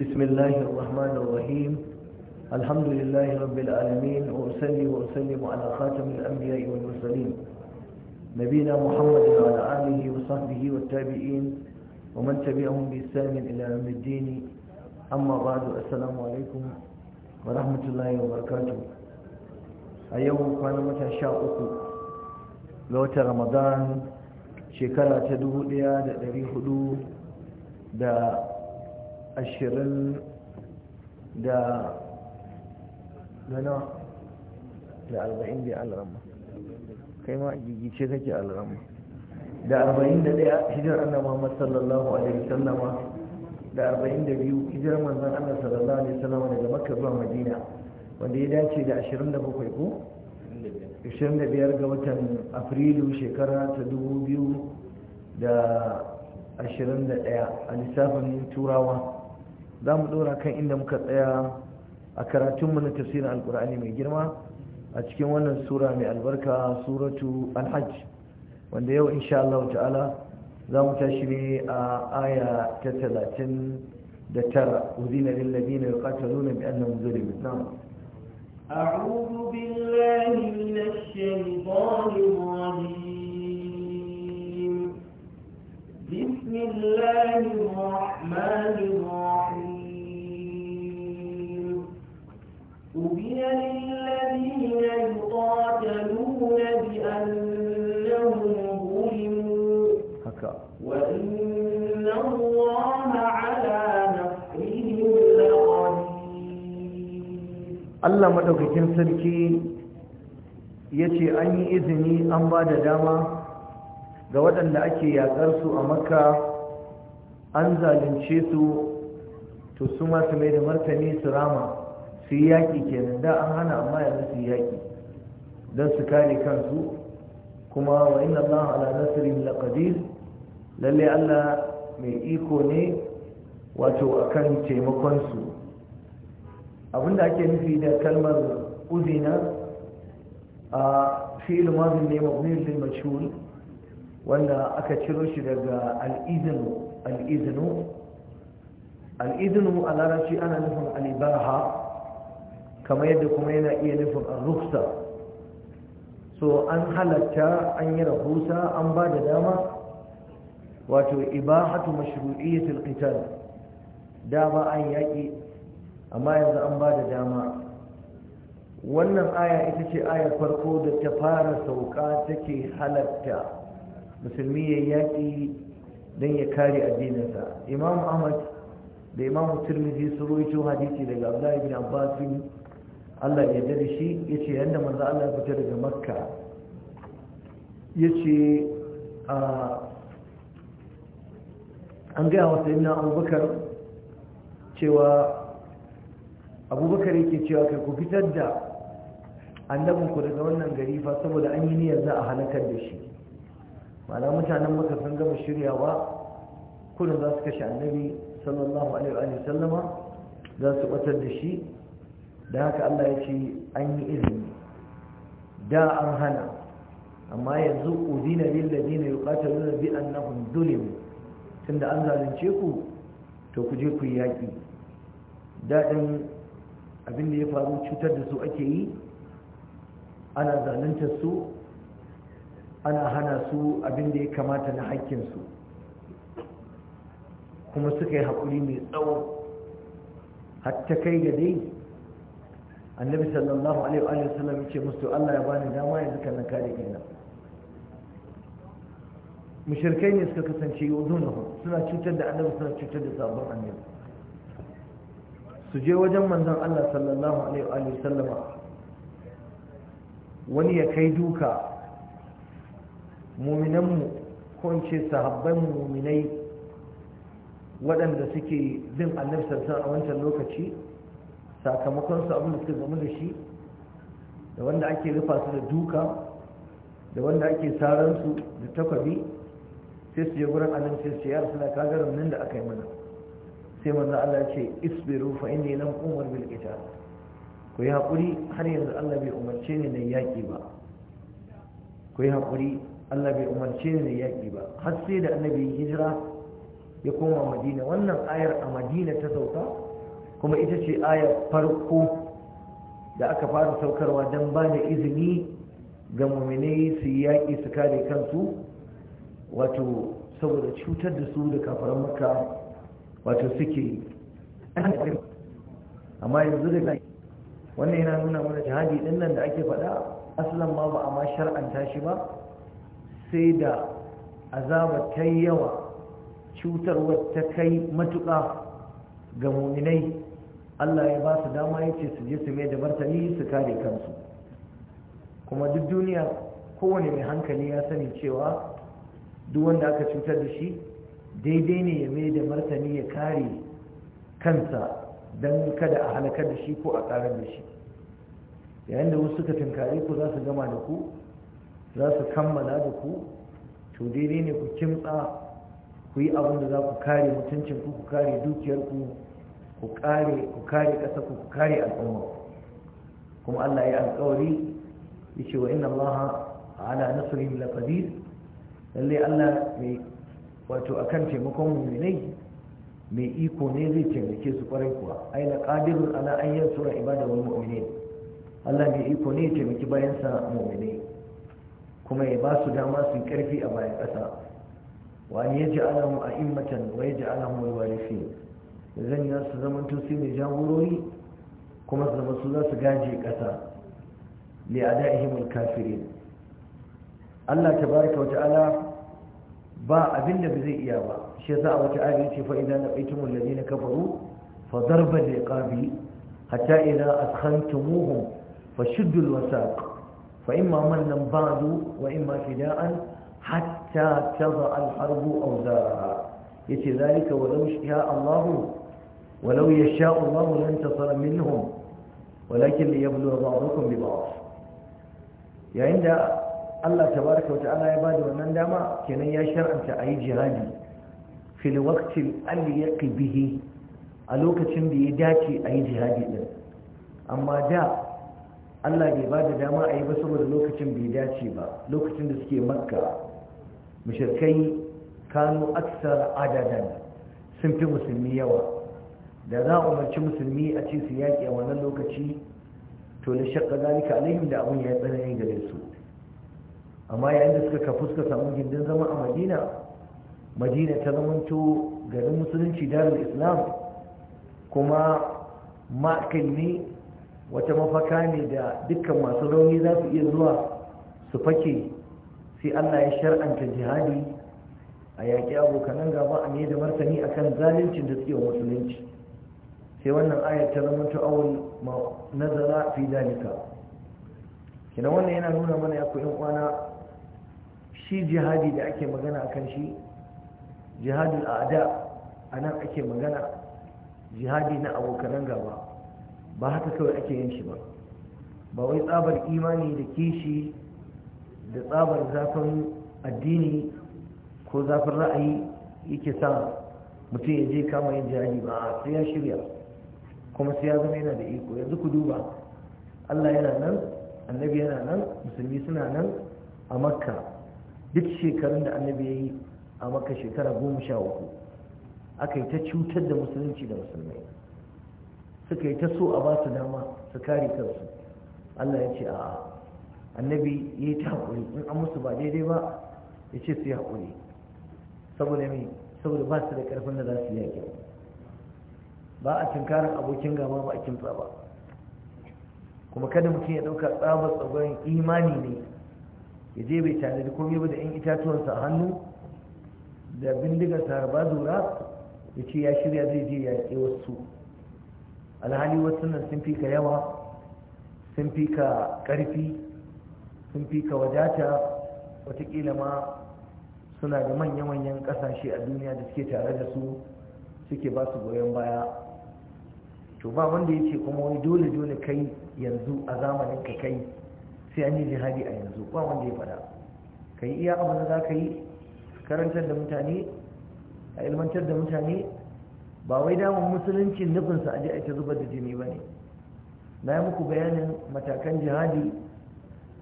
بسم الله الرحمن الرحيم الحمد لله رب العالمين وأسلي وأسلم على خاتم الأنبياء والمرسلين نبينا محمد وعلى آله وصحبه والتابعين ومن تبعهم بإسلام إلى يوم الدين أما بعد السلام عليكم ورحمة الله وبركاته اليوم كان متى شاء لوت رمضان شكرا تدوه ليا دريه دو da ashirin da nuna da arba'in da al'amma kai ma gigice kake al'amma da arba'in da ɗaya hijirar annan muhammad sallallahu alaihi sallama da arba'in da biyu hijirar manzan annan sallallahu alaihi sallama daga makka zuwa madina wanda ya dace da ashirin da bakwai ko ashirin da biyar ga watan afrilu shekara ta dubu biyu da ashirin da ɗaya a lissafin turawa za mu ɗora kan inda muka tsaya a karatunmu na tafsirin alkur'ani mai girma a cikin wannan sura mai albarka suratu alhajj wanda yau insha Allah ta'ala za mu tashi ne a aya ta talatin da tara uzina lillazina yuqataluna bi annahum zulimu na'am أعوذ بالله من بسم الله الرحمن الرحيم أذن للذين يقاتلون بأنهم ظلموا وإن الله على نصرهم لقدير الله مدوكين سلكي yace an yi izini an ba da dama ga waɗanda ake yaƙar su a makka an zalunce su to su masu mai da martani su rama su yi yaƙi kenan da an hana amma yanzu su yi yaƙi don su kare kansu kuma wa inna Allah ala nasirin lalle Allah mai iko ne wato kan taimakon su abinda ake nufi da kalmar uzina a filin mazin ne mabni lil wanda aka ciro shi daga al-iznu al a larabci ana nufin al-ibaha kamar yadda kuma yana iya nufin ruksa so an halatta an yi rahusa an ba da dama wato ibahatu mashru'iyyatul qital da ba an yaki amma yanzu an ba da dama wannan aya ita ce aya farko da ta fara sauka take halatta musulmi ya yaƙi don ya kare addininsa imam ahmad da imam turmizi su ruwaito hadisi daga abdullahi bin abbas Allah ya yarda da shi yace yadda manzo Allah ya fita daga Makka yace an ga wa sayyidina Abubakar cewa Abubakar yake cewa kai ku fitar da annabin ku daga wannan gari fa saboda an yi niyyar za a halakar da shi ma'ana mutanen maka sun gama shiryawa kullum za su kashe annabi sallallahu alaihi wa sallama za su batar da shi da haka Allah ya ce an yi izini da an hana amma yanzu udina lil ladina yuqataluna bi annahum zulim tunda an zalunce ku to ku je ku yi yaki daɗin abin da ya faru cutar da su ake yi ana zaluntar su ana hana su abin da ya kamata na su kuma suka yi haƙuri mai tsawo hatta kai ga dai annabi sallallahu alaihi wa sallam yace musu Allah ya bani dama yanzu kan kare kin nan mushrikai ne suka kasance yuzunahu suna cutar da annabi suna cutar da sabon annabi su je wajen manzon Allah sallallahu alaihi wa sallama wani ya kai duka muminanmu ko in ce sahabban muminai waɗanda suke bin annabi sallallahu a wancan lokaci sakamakon su abin da suka zama da shi da wanda ake rufa su da duka da wanda ake saran su da takwabi sai su je gurin annabi sai su yar suna kagarar nan da aka yi mana sai manzo Allah ya ce isbiru fa inni lam umar bil ita ku yi haƙuri har yanzu Allah bai umarce ni na yaƙi ba ku yi haƙuri Allah bai umarce ni na yaƙi ba har sai da annabi hijira ya koma madina wannan ayar a madina ta sauka kuma ita ce aya farko da aka fara saukarwa don ba da izini ga muminai su yi yaƙi su kare kansu wato saboda cutar da su da kafaran maka wato suke amma yanzu da wannan yana nuna mana jihadi ɗin nan da ake faɗa asalin ma ba a ma shar'anta shi ba sai da azaba ta yawa cutarwar ta kai matuƙa ga muminai Allah ya ba su dama ya ce su je su mai da martani su kare kansu kuma duk duniya kowane mai hankali ya sani cewa duk wanda aka cutar da shi daidai ne ya mai da martani ya kare kansa don kada a halakar da shi ko a karar da shi yayin da wasu suka tunkare ku za su gama da ku za su kammala da ku to daidai ne ku kimtsa ku yi abin da za ku kare mutuncinku ku kare dukiyarku ku kare ku kare kasa ku kare al'umma kuma Allah ya alƙawari yace wa inna Allah ala nasrihim laqadir lalle Allah mai wato akan taimakon mu'minai mai iko ne zai taimake su kwarai kuwa ai laqadirun ala an yansura ibadahul mu'minin Allah mai iko ne ya taimaki bayansa mu'minai kuma ya ba su dama su karfi a bayan ƙasa wa an yaj'alahum a'immatan wa yaj'alahum al-warithin zanya su zama su ne jagorori kuma su zama su za su gaje ƙasa li a da'ihimul kafirin Allah ta barika wa ba abin da ba zai iya ba shi yasa a wata ya ce fa idan laqaytumul na kafaru fa ya liqabi hatta idza askhantumuhum fashuddul wasaq fa nan ba ba'du wa imma fida'an hatta tadha al-harbu awzaraha yace zalika wa law sha'a Allahu ولو يشاء الله لانتصر منهم ولكن ليبلو بعضكم ببعض yayin da Allah tabaraka wata'ala ya bada wannan dama kenan ya shar'anta ayi jihadi fil waqtil aliq bihi a lokacin da ya dace ayi jihadi din amma da Allah bai bada dama ayi ba saboda lokacin bai dace ba lokacin da suke makka mushrikai kanu aksar adadan sun fi musulmi yawa da za a umarci musulmi a ce su yaƙi a wannan lokaci to da shakka zalika alaihim da abun ya tsanani gare su amma yayin da suka ka fuska samu gindin zama a madina madina ta zamanto garin musulunci darul islam kuma ma'akin ne wata mafaka ne da dukkan masu rauni za su iya zuwa su fake sai allah ya shar'anta jihadi a yaƙi abokanan gaba a ne da martani akan zaluncin da suke musulunci sai wannan ayar ta zama ta awul nazara fi dalika kina wannan yana nuna mana ya kuɗin kwana shi jihadi da ake magana kan shi jihadul a'da a nan ake magana jihadi na abokanan gaba ba haka kawai ake yin shi ba ba wai tsabar imani da kishi da tsabar zafin addini ko zafin ra'ayi yake sa mutum ya je kama yin jihadi ba sai ya shirya kuma sai ya zama yana da iko yanzu ku duba Allah yana nan annabi yana nan musulmi suna nan a makka duk shekarun da annabi ya yi a makka shekara goma sha uku aka yi ta cutar da musulunci da musulmai suka yi ta so a ba su dama su kare kansu Allah ya ce a'a annabi ya yi ta haƙuri in an musu ba daidai ba ya ce su yi haƙuri saboda ba su da ƙarfin da za su yi yaƙi ba a tunkarin abokin gama ba a kimtsa ba kuma kada mutum ya ɗauka tsabar tsagon imani ne ya je bai tanadi komai ba da 'yan itatuwansa a hannu da bindigar harba zura ya ce ya shirya zai je ya ke wasu alhali wasu nan sun fi ka yawa sun fi ka karfi sun fi ka wadata watakila ma suna da manya-manyan kasashe a duniya da suke tare da su suke ba su goyon baya to ba wanda ya ce kuma wani dole dole kai yanzu a zamanin ka kai sai an yi jihadi a yanzu ba wanda ya faɗa ka yi iya abin da za ka yi karantar da mutane a ilmantar da mutane ba wai damar musulunci nufinsa aje ta zubar da jini ba ne na yi muku bayanin matakan jihadi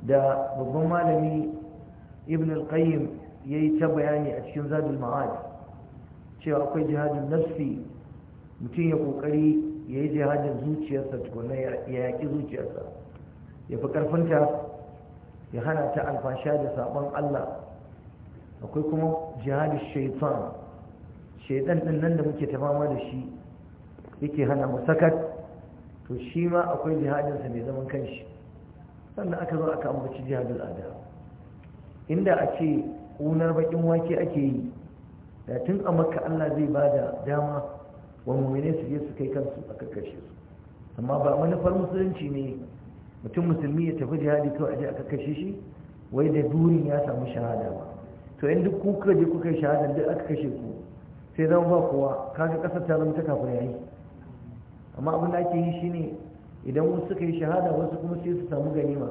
da babban malami ibn al-qayyim ya yi ta bayani a cikin zadul ma'ad cewa akwai jihadin nafsi mutum ya kokari ya yi jihadin zuciyarsa tukuna ya yaƙi zuciyarsa ya fi ƙarfinta ya hana ta alfasha da saɓon Allah akwai kuma jihadin shaitan shaitan ɗin nan da muke tafama da shi yake hana mu to shi ma akwai jihadinsa mai zaman kanshi sannan aka zo aka ambaci jihadin ada inda a ce ƙunar baƙin wake ake yi da tun a makka Allah zai ba da dama wa su je su kai kansu a kakkashe su amma ba manufar musulunci ne mutum musulmi ya tafi jihadi kawai aje a kakkashe shi wai da burin ya samu shahada ba to in duk kuka je kuka yi shahada duk aka kashe ku sai zama ba kowa kaga kasar ta zama ta kafin yayi amma abin da ake yi shine idan wasu suka yi shahada wasu kuma sai su samu ganima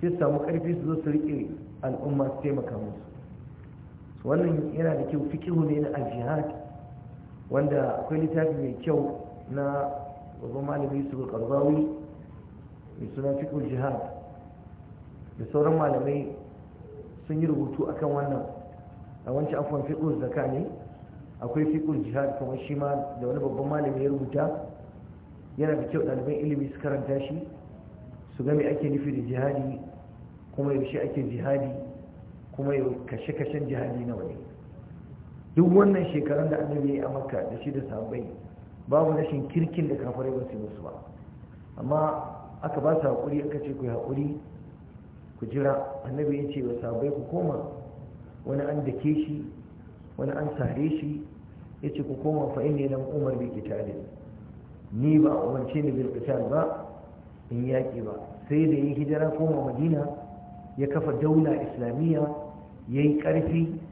sai su samu karfi su zo su riƙe al'umma su taimaka musu wannan yana da kyau fikihu ne na al-jihad wanda akwai littafi mai kyau na babban malami su karzawi mai suna cikin jihad da sauran malamai sun yi rubutu akan wannan a wancan afon fiƙul zaka ne akwai fiƙul jihad kuma shi ma da wani babban malami ya rubuta yana da kyau ɗaliban ilimi su karanta shi su game ake nufi da jihadi kuma yaushe ake jihadi kuma kashe-kashen jihadi nawa ne duk wannan shekarun da annabi ya yi a maka da shi da sahabbai babu rashin kirkin da kafirai ba su musu ba amma aka ba su haƙuri aka ce ku yi haƙuri ku jira annabi ya ce wa sahabbai ku koma wani an dake shi wani an sare shi ya ce ku koma fa inni lam umar bi qitalin ni ba a umarce ni bil qital ba in yaƙi ba sai da yi hijira koma madina ya kafa daula islamiyya ya yi ƙarfi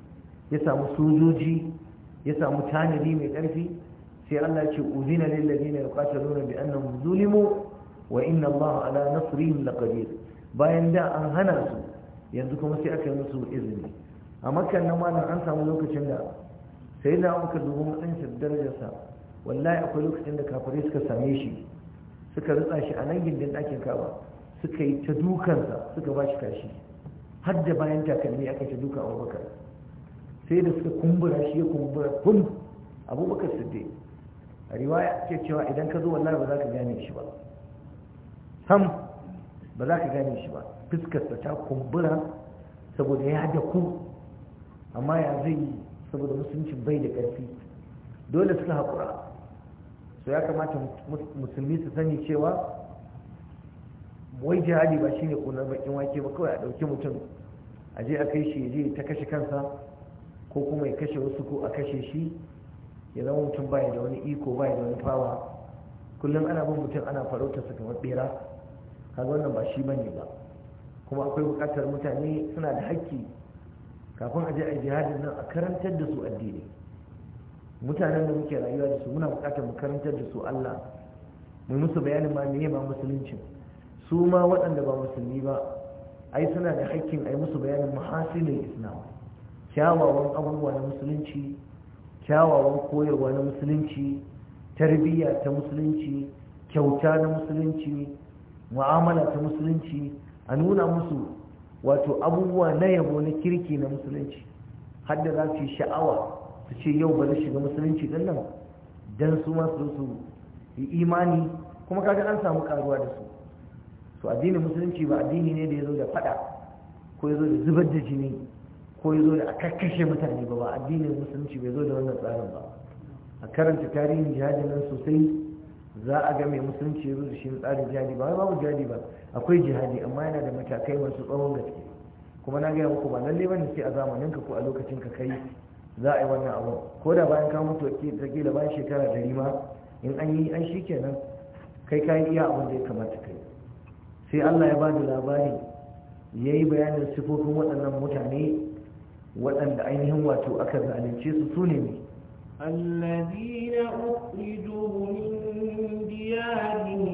ya samu sojoji ya samu tanadi mai ƙarfi sai Allah ce uzina lil ladina nuna, bi annahum zulimu wa inna Allah ala nasrihim laqadir bayan da an hana su yanzu kuma sai aka yi musu izini a makkan nan malam an samu lokacin da sai da aka dubi matsayinsa da darajarsa wallahi akwai lokacin da kafirai suka same shi suka rutsa shi a nan gindin ɗakin kaba suka yi ta dukansa suka ba shi kashi har da bayan takalmi aka ta duka abubakar sai da suka kumbura shi ya kumbura kun abubakar sadde a riwaya ce cewa idan ka zo wallahi ba za ka gane shi ba sam ba za ka gane shi ba fuskarsa ta kumbura saboda ya da ku amma ya zai yi saboda musulunci bai da ƙarfi dole suka haƙura so ya kamata musulmi su sani cewa wai jihadi ba ne ƙunar bakin wake ba kawai a ɗauki mutum a je a kai shi ya je ta kashe kansa ko kuma ya kashe wasu ko a kashe shi ya zama mutum baya da wani iko baya da wani fawa kullum ana bin mutum ana farauta su kamar bera kaga wannan ba shi bane ba kuma akwai buƙatar mutane suna da haƙƙi kafin a je a jihadin nan a karantar da su addini mutanen da muke rayuwa da su muna bukatar mu karantar da su Allah mu musu bayanin ma meye ma musulunci su ma waɗanda ba musulmi ba ai suna da haƙƙin ai musu bayanin muhasilin islam kyawawan abubuwa na musulunci kyawawan koyarwa na musulunci tarbiyya ta musulunci kyauta na musulunci mu'amala ta musulunci a nuna musu wato abubuwa na yabo na kirki na musulunci hadda za su yi sha'awa su ce yau bari shiga musulunci don nan don su masu su yi imani kuma kaga an samu karuwa da su to addinin musulunci ba addini ne da ya zo da fada ko ya zo da zubar da jini ko yi zo da a kakkashe mutane ba ba addinin musulunci bai zo da wannan tsarin ba a karanta tarihin jihadi nan sosai za a ga mai musulunci ya zo da shi tsarin jihadi ba babu jihadi ba akwai jihadi amma yana da matakai masu tsawon gaske kuma na gaya muku ba lalle bane sai a zamanin ka ko a lokacin ka kai za a yi wannan abu ko da bayan ka mutu ke da bayan shekara dari ma in an yi an shi kenan kai ka yi iya abin da ya kamata kai sai Allah ya ba da labari ya yi bayanin sifofin waɗannan mutane waɗanda ainihin wato aka zalince su sune ne alladina ukhrijuhum min diyarihim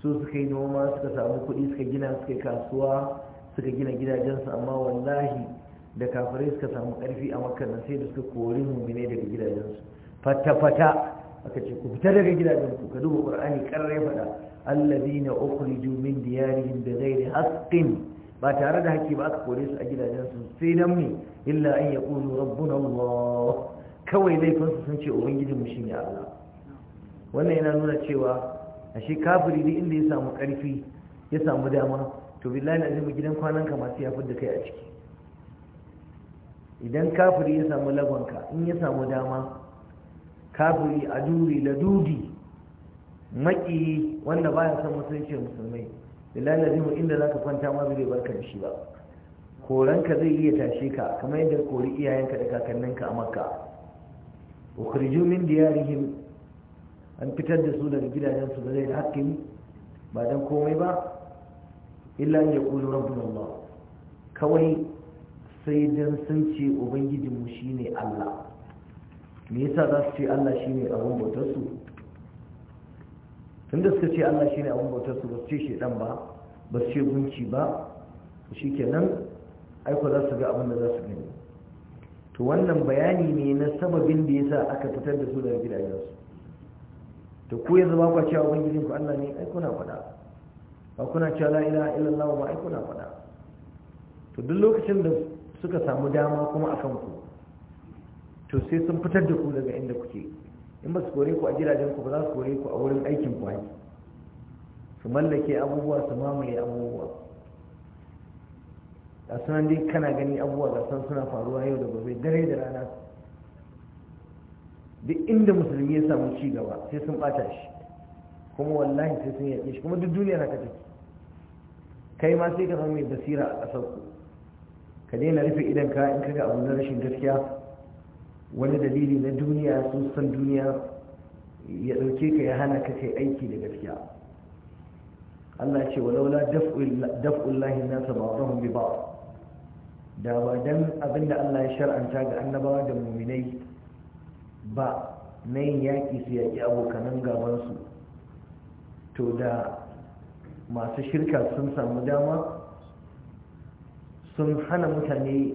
su suka yi noma suka samu kuɗi suka gina suka yi kasuwa suka gina gidajensu amma wallahi da kafirai suka samu ƙarfi a makar nan sai da suka kori mummune daga gidajensu fata-fata aka ce ku fita daga gidajensu, ka duba ƙur'ani ƙarrai faɗa allazina ukhriju da diyarihim da haqqin ba tare da haƙƙi ba aka kore su a gidajensu sai dan me illa an yaqulu rabbuna Allah kawai laifin sun ce ubangijinmu shine Allah wannan yana nuna cewa ashe kafiri ne inda ya samu karfi ya samu dama to billahi zama gidan kwanan ka masu ya da kai a ciki idan kafiri ya samu lagonka in ya samu dama kafiri a duri da dudi maki wanda baya son musulunci musulmai billahi zama inda za ka kwanta ma bai barka da shi ba koranka zai iya tashe ka kamar yadda kori iyayenka da kakanninka a makka ukhriju min diyarihim an fitar da su daga gidajensu da zai haƙƙi ba don komai ba illa ya ƙulu rabbin Allah kawai sai don sun ce ubangijinmu shi ne Allah me yasa za su ce Allah shi ne abin bautarsu tunda suka ce Allah shi ne abin bautarsu ba su ce dan ba ba su ce gunci ba shi kenan aiko za su ga abin da za su gani to wannan bayani ne na sababin da yasa aka fitar da su daga gidajensu to ku yanzu ba ku cewa ubangijin ku Allah ne ai kuna faɗa ba kuna cewa la ilaha illallah ba ai kuna faɗa to duk lokacin da suka samu dama kuma akan ku to sai sun fitar da ku daga inda kuke in ba su kore ku a gidajen ku ba za su kore ku a wurin aikin ku ai su mallake abubuwa su mamaye abubuwa ga sunan kana gani abubuwa ga san suna faruwa yau da gobe dare da rana duk inda musulmi ya samu ci gaba sai sun bata shi kuma wallahi sai sun yaƙe shi kuma duk duniya na take kai ma sai ka zama mai basira a ƙasar ku ka daina rufe idan ka in kaga abu na rashin gaskiya wani dalili na duniya sun san duniya ya ɗauke ka ya hana ka kai aiki da gaskiya Allah ce walaula lahi nasa ba'dahum bi ba'd da ba dan abinda Allah ya shar'anta ga annabawa da mu'minai ba na yin yaƙi su yaƙi abokanan gabansu to da masu shirka sun samu dama sun hana mutane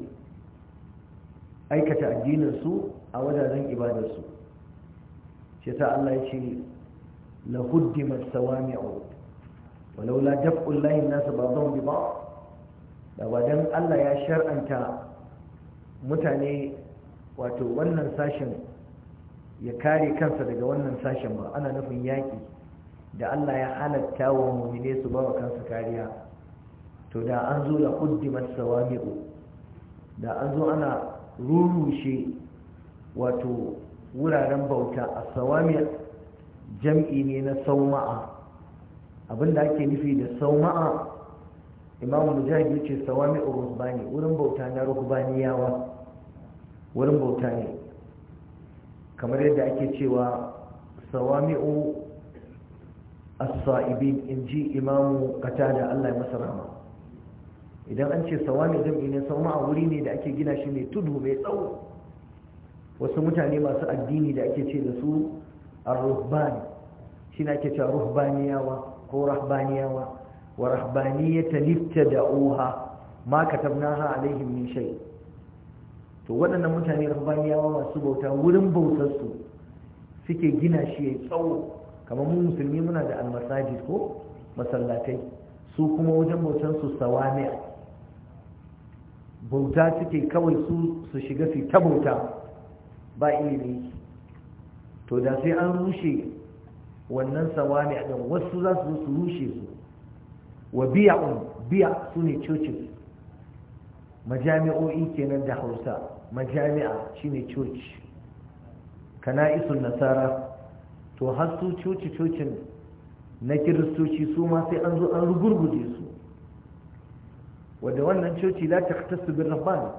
aikata addininsu a wajajen ibadarsu shi ta Allah ya ce lahuddimat sawami'u walaula layin nasu ba zan bi ba? da ba dan Allah ya shar'anta mutane wato wannan sashen ya kare kansa daga wannan sashen ba ana nufin yaƙi da Allah ya halatta wa mummune su ba wa kansa kariya to da an zo da ƙuddimat sawami'u da an zo ana rurushe wato wuraren bauta a sawami jam'i ne na sauma'a abinda ake nufi da sauma'a imam mujahid ce sawami'u ruhbani wurin bauta na yawa. wurin bauta ne kamar yadda ake cewa sawami'u as-sa'ibin in ji imamu qatada Allah ya masa rahama idan an ce sawami jam'i ne sauma a wuri ne da ake gina shi mai tudu mai tsawo wasu mutane masu addini da ake ce da su ar-ruhban shi ne ake cewa ruhbaniyawa ko rahbaniyawa wa rahbaniyata oha, ma katabnaha alaihim min shay' to waɗannan mutane rabbaniyawa masu bauta wurin bautarsu suke gina shi ya tsawo kamar mu musulmi muna da almasaji ko masallatai su kuma wajen bautar su sawami bauta suke kawai su su shiga su ta bauta ba ilimi to da sai an rushe wannan sawami a wasu za su rushe su wa biya un? biya su ne churches majami'o'i kenan da hausa majami'a shine coci kana'isun nasara to har su coci-cocin na kiristoci su ma sai an zo an rugurguje su wadda wannan coci la ta tasu bin rahman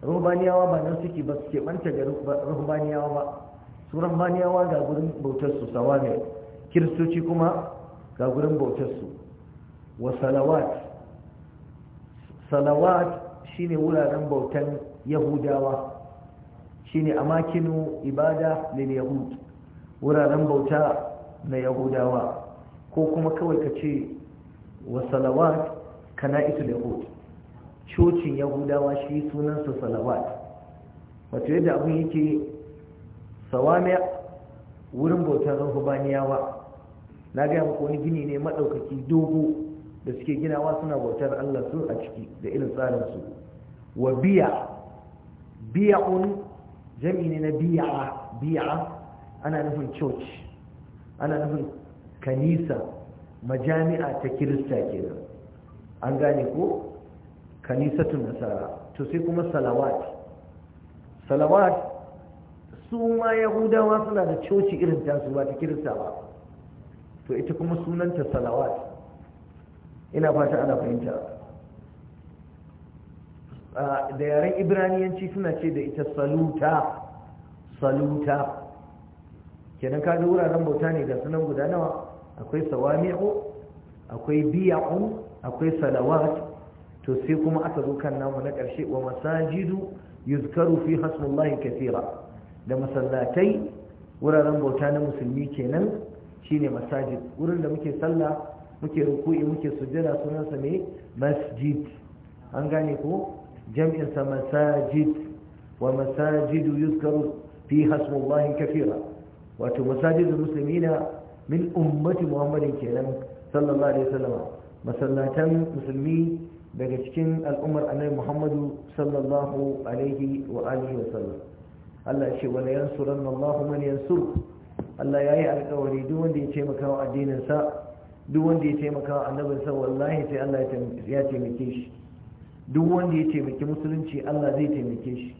rahbaniyawa ba nan suke ba su keɓanta da rahbaniyawa ba su rahbaniyawa ga gurin bautar su sawa ne kiristoci kuma ga gurin bautar su wa salawat salawat shine wuraren bautan yahudawa shine amakinu ibada lil yahud wuraren bauta na yahudawa ko kuma kawai ka ce wa salawat kana isu yahud cocin yahudawa shi sunansa salawat wato yadda abin yake sawami wurin bautar rahubaniyawa na gaya muku wani gini ne maɗaukaki dogo da suke ginawa suna bautar allah su a ciki da irin tsarin su wa biya biya'un jami ne na biya biya ana nufin church ana nufin kanisa majami'a ta kirista kenan an gane ko kanisatun nasara to sai kuma salawat salawat su ma yahudawa suna da coci irin tasu ba ta kirista ba to ita kuma sunanta salawat ina fata ana fahimta da yaren ibraniyanci suna ce da ita saluta saluta kenan kaji wuraren bauta ne ga sunan guda nawa akwai sawami'u akwai biya'u akwai salawat to sai kuma aka zo kan namu na ƙarshe wa masajidu yuzkaru fi hasmullahi kathira da masallatai wuraren bauta na musulmi kenan shine masajid wurin da muke sallah muke ruku'i muke sujjada sunansa ne masjid an gane ko جمع مساجد ومساجد يذكر فيها اسم الله كثيرا wato masajidul muslimina min ummati muhammadin kenan sallallahu alaihi wasallam masallatan musulmi daga cikin al'ummar annabi muhammadu sallallahu alaihi wa alihi wasallam Allah ce wala yansuran Allah man yansur Allah yayi alƙawari duk wanda ya taimaka wa addinin sa duk wanda ya taimaka wa sa wallahi sai Allah ya taimake shi duk wanda ya taimaki musulunci Allah zai taimake shi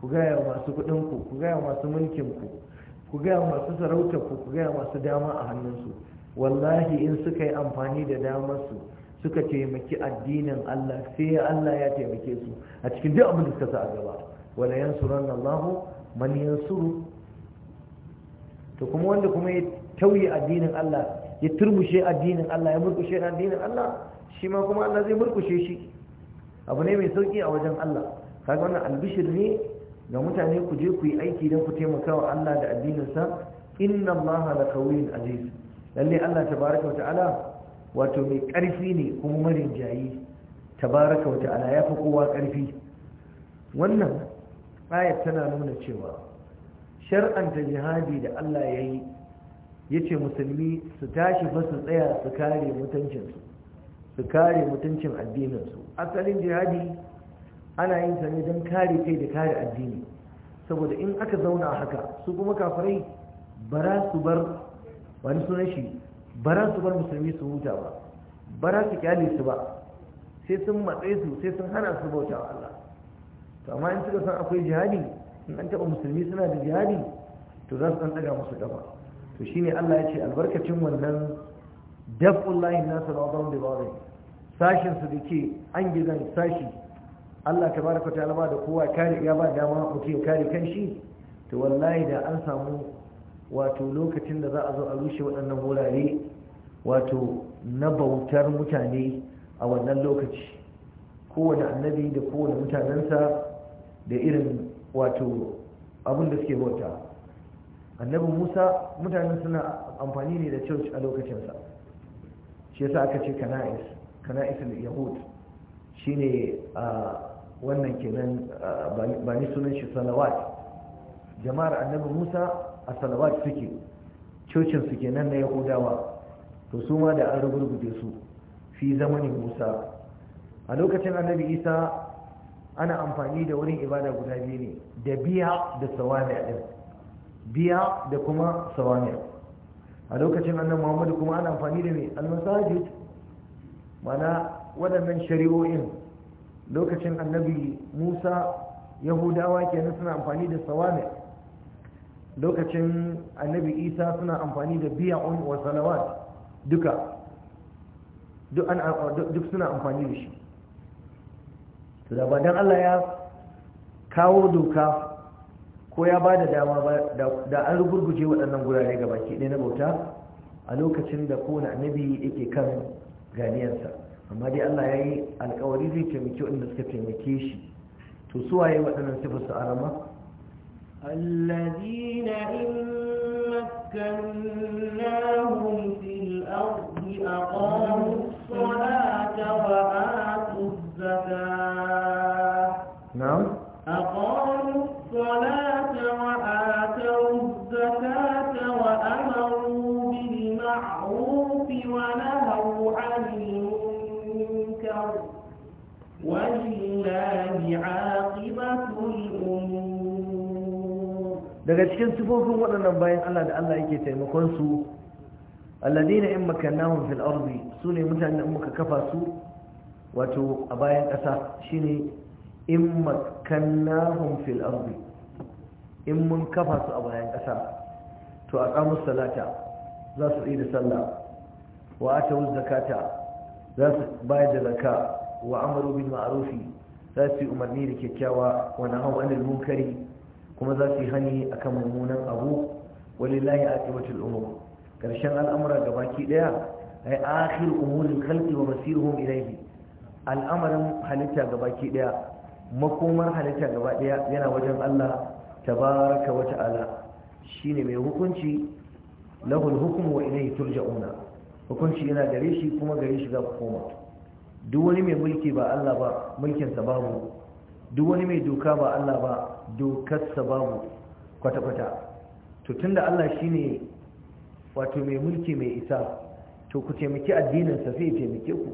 ku gaya masu kudinku ku gaya masu mulkinku ku gaya masu sarautarku ku gaya masu dama a hannunsu wallahi in suka yi amfani da damarsu suka taimaki addinin Allah sai Allah ya taimake su a cikin duk abin da suka sa a gaba wala yansuran Allahu man yansuru to kuma wanda kuma ya tauye addinin Allah ya turmushe addinin Allah ya murkushe addinin Allah shi ma kuma Allah zai murkushe shi abu ne mai sauki a wajen Allah kaga wannan albishir ne ga mutane ku je ku yi aiki don ku taimaka wa Allah da addininsa inna Allah la qawiyyun aziz lalle Allah tabaraka wa ta'ala wato mai karfi ne kuma marin jayi tabaraka wa ta'ala ya fi kowa karfi wannan ayat tana nuna cewa shar'anta jihadi da Allah ya yace ce musulmi su tashi fa su tsaya su kare mutuncinsu su kare mutuncin addininsu asalin jihadi ana yin sa ne don kare kai da kare addini saboda in aka zauna haka su kuma kafirai bara su bar wani sunan shi bara su bar musulmi su huta ba bara su kyale su ba sai sun matse su sai sun hana su bauta wa Allah to amma in suka san akwai jihadi in an taba musulmi suna da jihadi to za su dan daga musu gaba to shine Allah ya ce albarkacin wannan dafullahi nasu da ba ba'd Sashen su dake an gidan sashi Allah ta tabaraka ta alama da kowa kare ya ba dama mutum kare kanshi to wallahi da an samu wato lokacin da za a zo a rushe waɗannan wurare wato na bautar mutane a wannan lokaci kowane annabi da kowane mutanensa da irin wato abin da suke bauta annabi musa mutanen suna amfani ne da church a lokacinsa shi yasa aka ce kana'is kana'is yahud shine wannan kenan ba ni sunan shi salawat jama'ar annabi musa a salawat suke cocin su kenan na yahudawa to su ma da an rubuta su fi zamanin musa a lokacin annabi isa ana amfani da wurin ibada guda biyu ne da biya da sawami'a din biya da kuma sawami'a a lokacin annan muhammadu kuma ana amfani da mai almasajid mana waɗannan shari'o'in lokacin annabi musa yahudawa kenan suna amfani da sawami lokacin annabi isa suna amfani da biya'un wa salawat duka duk suna amfani da shi to da ba don allah ya kawo doka ko ya ba da dama da an rugurguje waɗannan gurare ga baki ɗaya na bauta a lokacin da kowane annabi yake kan ganiyarsa amma dai Allah ya yi alkawari zai taimaki waɗanda suka taimake shi to su waye waɗannan sifar su arama الذين daga cikin sifofin waɗannan bayan Allah da Allah yake taimakon su alladina in makannahum fil ardi sune mutanen da muka kafa su wato a bayan ƙasa shine in makannahum fil ardi in mun kafa su a bayan ƙasa to a ƙamus salata za su yi da sallah wa atawuz zakata za su bayar da zakka wa amaru bil ma'rufi za su yi umarni da kyakkyawa wa nahawu anil munkari kuma za su yi hani kan mummunan abu walillahi aqibatul umur karshen al'amura gabaki daya ay akhir umuril khalqi wa masiruhum ilayhi al'amarin halitta gabaki ɗaya, makomar halitta gaba yana wajen Allah tabaraka wa ta'ala shine mai hukunci lahul hukmu wa ilayhi turja'una hukunci yana gare shi kuma gare shi za ku koma duk wani mai mulki ba Allah ba mulkinsa babu duk wani mai doka ba Allah ba dokarsa babu kwata-kwata to tunda Allah shine wato mai mulki mai isa to ku taimaki addininsa sai ya taimake ku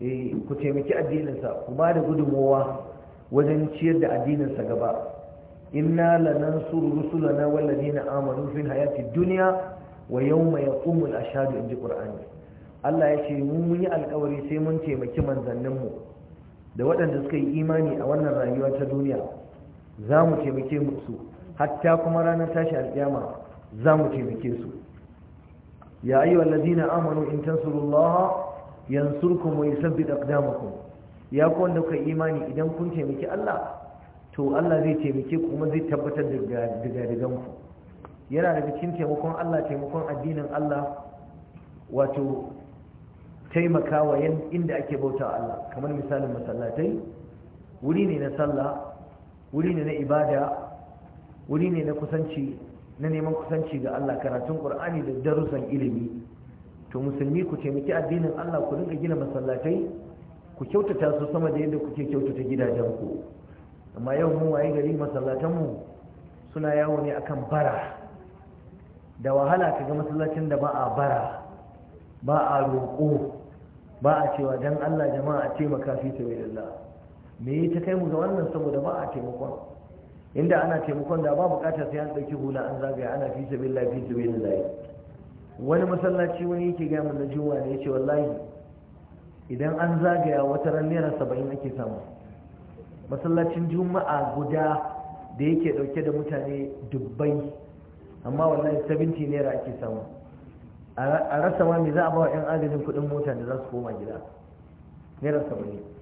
eh, ku taimaki addininsa ku ba da gudunmowa wajen ciyar da addininsa gaba inna lanansuru rusulana wallazina amanu fil hayati dunya wa yawma yaqumul in inji qur'ani Allah ya ce mun yi alkawari sai mun taimaki manzanninmu da waɗanda suka yi imani a wannan rayuwa ta duniya za mu taimake su hatta kuma ranar tashi alƙiyama za mu taimake su ya ayyu allazina amanu in tansurullaha yansurkum wa yuthabbit aqdamakum ya ku wanda kuka imani idan kun taimaki Allah to Allah zai taimake ku kuma zai tabbatar da gadigan ku yana da cikin taimakon Allah taimakon addinin Allah wato taimakawa inda ake bauta Allah kamar misalin masallatai wuri ne na sallah wuri ne na ibada wuri ne na kusanci na neman kusanci ga Allah karatun Qur'ani da darussan ilimi to musulmi ku taimaki addinin Allah ku dinga gina masallatai ku kyautata su sama da yadda kuke kyautata gidajen ku amma yau mu waye gari masallatan mu suna yawo ne akan bara da wahala ka kaga masallacin da ba a bara ba a roƙo ba a cewa dan Allah jama'a a taimaka fi sabilillah me ya ta kai mu ga wannan saboda ba a taimakon inda ana taimakon da ba bukata sai an ɗauki hula an zagaya ana fi sabi lafi sabi layi. wani masallaci wani yake gaya mun na juma ne ya ce wallahi idan an zagaya wata ran naira saba'in ake samu masallacin juma'a guda da yake dauke da mutane dubbai amma wallahi 70 naira ake samu a rasa ma me za a ba wa 'yan adadin kuɗin mota da za su koma gida naira saba'in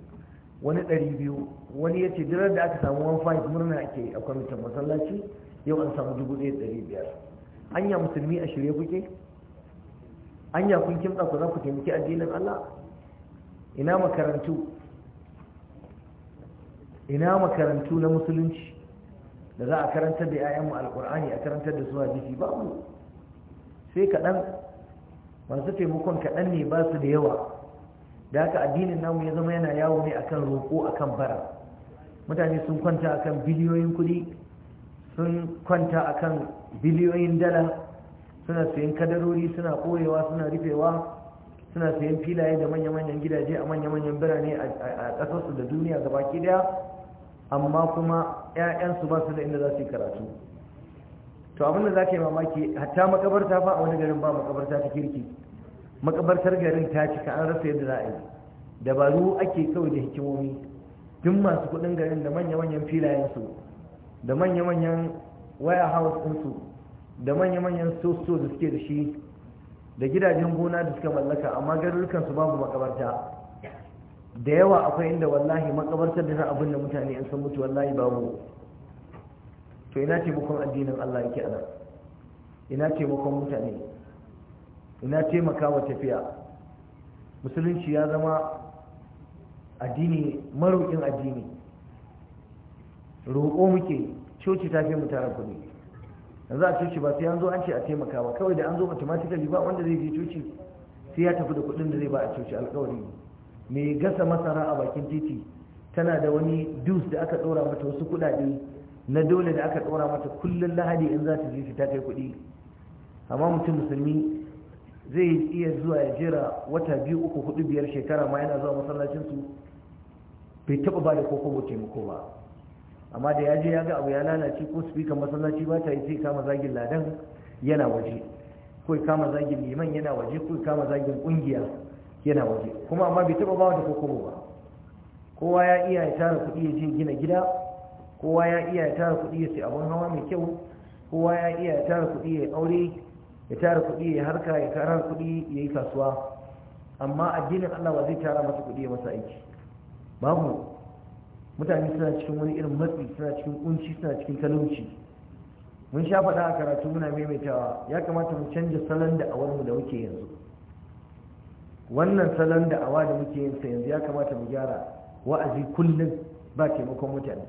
wani ɗari biyu wani ya ce dinar da aka samu one five murna ake a kwamitin masallaci yau an samu dubu ɗaya ɗari biyar anya musulmi a shirye kuke anya kun kimtsa ku za ku taimaki addinin Allah ina makarantu ina makarantu na musulunci da za a karantar da 'ya'yanmu alkur'ani a karantar da su hadisi babu sai kaɗan masu taimakon kaɗan ne ba su da yawa da haka addinin namu ya zama yana yawo ne akan roƙo akan bara mutane sun kwanta akan biliyoyin kuɗi sun kwanta akan biliyoyin dala suna sayan kadarori suna koyewa suna rufewa suna sayan filaye da manya-manyan gidaje a manya-manyan birane a ƙasarsu da duniya gaba ki daya amma kuma 'ya'yansu ba su da inda za su yi karatu to abinda za ka yi mamaki hatta makabarta fa a wani garin ba makabarta ta kirki makabartar garin ta cika an rasa yadda za a yi dabaru ake kawai da hikimomi tun masu kudin garin da manya-manyan filayen su da manya-manyan warehouse su da manya-manyan soso da suke da shi da gidajen gona da suka mallaka amma su babu makabarta da yawa akwai inda wallahi makabartar da abin da mutane an san mutu wallahi babu to ina taimakon addinin allah yake a nan ina taimakon mutane ina taimaka wa tafiya musulunci ya zama addini maroƙin addini roƙo muke coci ta fi mu tara kuɗi yanzu a coci ba sai an zo an ce a taimaka ba kawai da an zo automatically ba wanda zai je coci sai ya tafi da kuɗin da zai ba a coci alkawari mai gasa masara a bakin titi tana da wani dus da aka ɗora mata wasu kuɗaɗe na dole da aka ɗora mata kullum lahadi in za ta je ta kai kuɗi amma mutum musulmi zai iya zuwa ya jira wata biyu uku hudu biyar shekara ma yana zuwa masallacinsu bai taba ba da kokobo taimako ba amma da ya je ya ga abu ya lalace ko speaker masallaci ba ta yi sai kama zagin ladan yana waje ko kama zagin liman yana waje ko kama zagin kungiya yana waje kuma amma bai taba ba da kokobo ba kowa ya iya ya tara kuɗi ya je gina gida kowa ya iya ya tara kuɗi ya sai abun hawa mai kyau kowa ya iya ya tara kuɗi ya aure ya tara kuɗi ya harka ya tara kuɗi ya yi kasuwa amma addinin Allah ba zai tara masa kuɗi ya masa aiki babu mutane suna cikin wani irin matsi suna cikin kunci suna cikin talauci mun sha faɗa a karatu muna maimaitawa ya kamata mu canja salon da awarmu da muke yanzu wannan salon da awa da muke yin yanzu ya kamata mu gyara wa'azi kullum ba taimakon mutane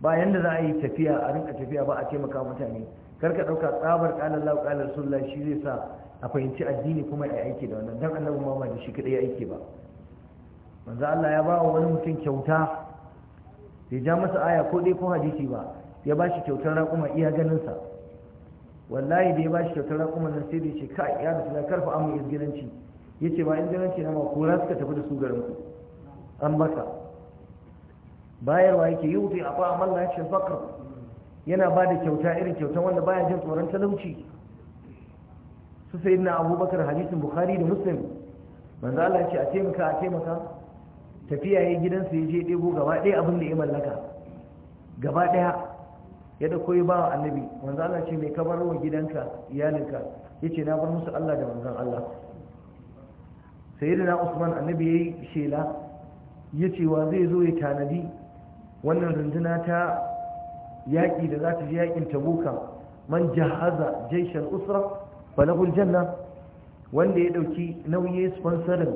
ba yanda za a yi tafiya a rinka tafiya ba a taimaka mutane Kar ka dauka tsabar kalan Allah kalan rasulullah shi zai sa a fahimci addini kuma ya aiki da wannan dan Allah ma da shi kadai ya aiki ba manzo Allah ya ba wa wani mutum kyauta bai ja masa aya ko dai ko hadisi ba ya ba shi kyautar raƙuma iya ganin sa wallahi da ya ba shi kyautar raƙuma nan sai da ce kai ya da da karfa amin izgilanci yace ba izgilanci na ma kora suka tafi da su garin ku an baka bayarwa yake yuti ba amalla ya ce fakar yana ba da kyauta irin kyauta, wanda baya jin tsoron talauci su sai na abubakar hadisin bukhari da muslim manzo Allah ce a taimaka a taimaka tafiya ya gidansa ya je ɗebo gaba ɗaya abin da ya mallaka gaba ɗaya ya da koyi ba annabi manzo Allah ce mai kamar wa gidanka iyalinka yace na bar musu Allah da manzon Allah sayyidina Usman annabi yayi shela yace wa zai zo ya tanadi wannan runduna ta yaƙi da za ta je yaƙin tabuka man jahaza jaishal usra falahul janna wanda ya ɗauki nauyi sponsorin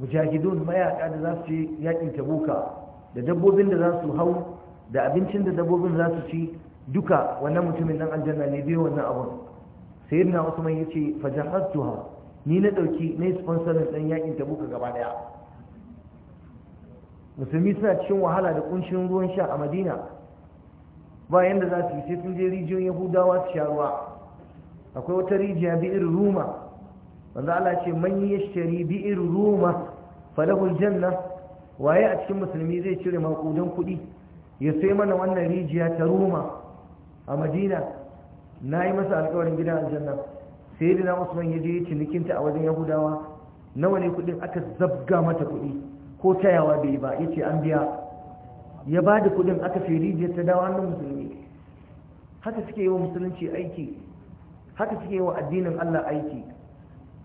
mujahidun mayaƙa da za su je yaƙin tabuka da dabbobin da za su hau da abincin da dabbobin za su ci duka wannan mutumin nan aljanna ne biyo wannan abun sayyidina usman yace fajahaztuha ni na ɗauki na sponsorin dan yakin tabuka gaba ɗaya. musulmi suna cikin wahala da kunshin ruwan sha a madina bayan da za su yi sai sun je rijiyoyin yahudawa su sha ruwa akwai wata rijiya bi'ir ruma wanda ala ce man shari bi'ir ruma falahul janna waye a cikin musulmi zai cire makudan kuɗi ya sai mana wannan rijiya ta ruma a madina na yi masa alkawarin gidan aljanna sai da usman ya je cinikinta a wajen yahudawa nawa ne kuɗin aka zabga mata kuɗi ko tayawa bai ba ya an biya ya ba da kudin aka fi rijiyar ta dawa hannun musulmi haka suke yi wa musulunci aiki haka suke yi wa addinin allah aiki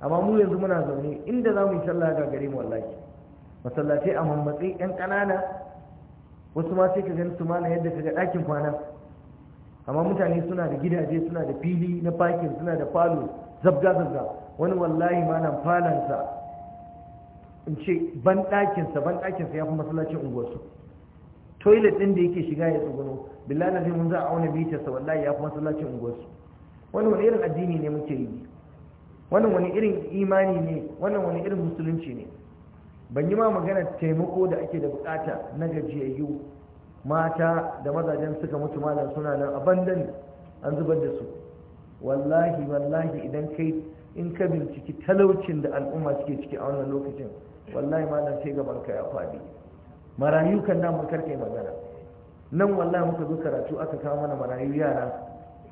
amma mu yanzu muna zaune inda za mu yi sallah ga gare mu wallahi masallatai a mammatsi yan ƙanana wasu ma sai ka gani su mana yadda ka ga ɗakin kwana amma mutane suna da gidaje suna da fili na bakin, suna da falo zabga zabga wani wallahi ma nan falansa in ce ban ɗakinsa ban ɗakinsa ya fi masallacin unguwarsu toilet din da yake shiga ya tsuguno billahi na mun za a auna bita sa wallahi ya kuma sallacin unguwarsu wannan wani irin addini ne muke yi wannan wani irin imani ne wannan wani irin musulunci ne ban yi ma magana taimako da ake da bukata na gajiyayyu mata da mazajen suka mutu malam suna nan abandan an zubar da su wallahi wallahi idan kai in ka binciki talaucin da al'umma suke ciki a wannan lokacin wallahi malam sai gaban ka ya faɗi marayu kan nan mun karke magana nan wallahi muka zo karatu aka kawo mana marayu yara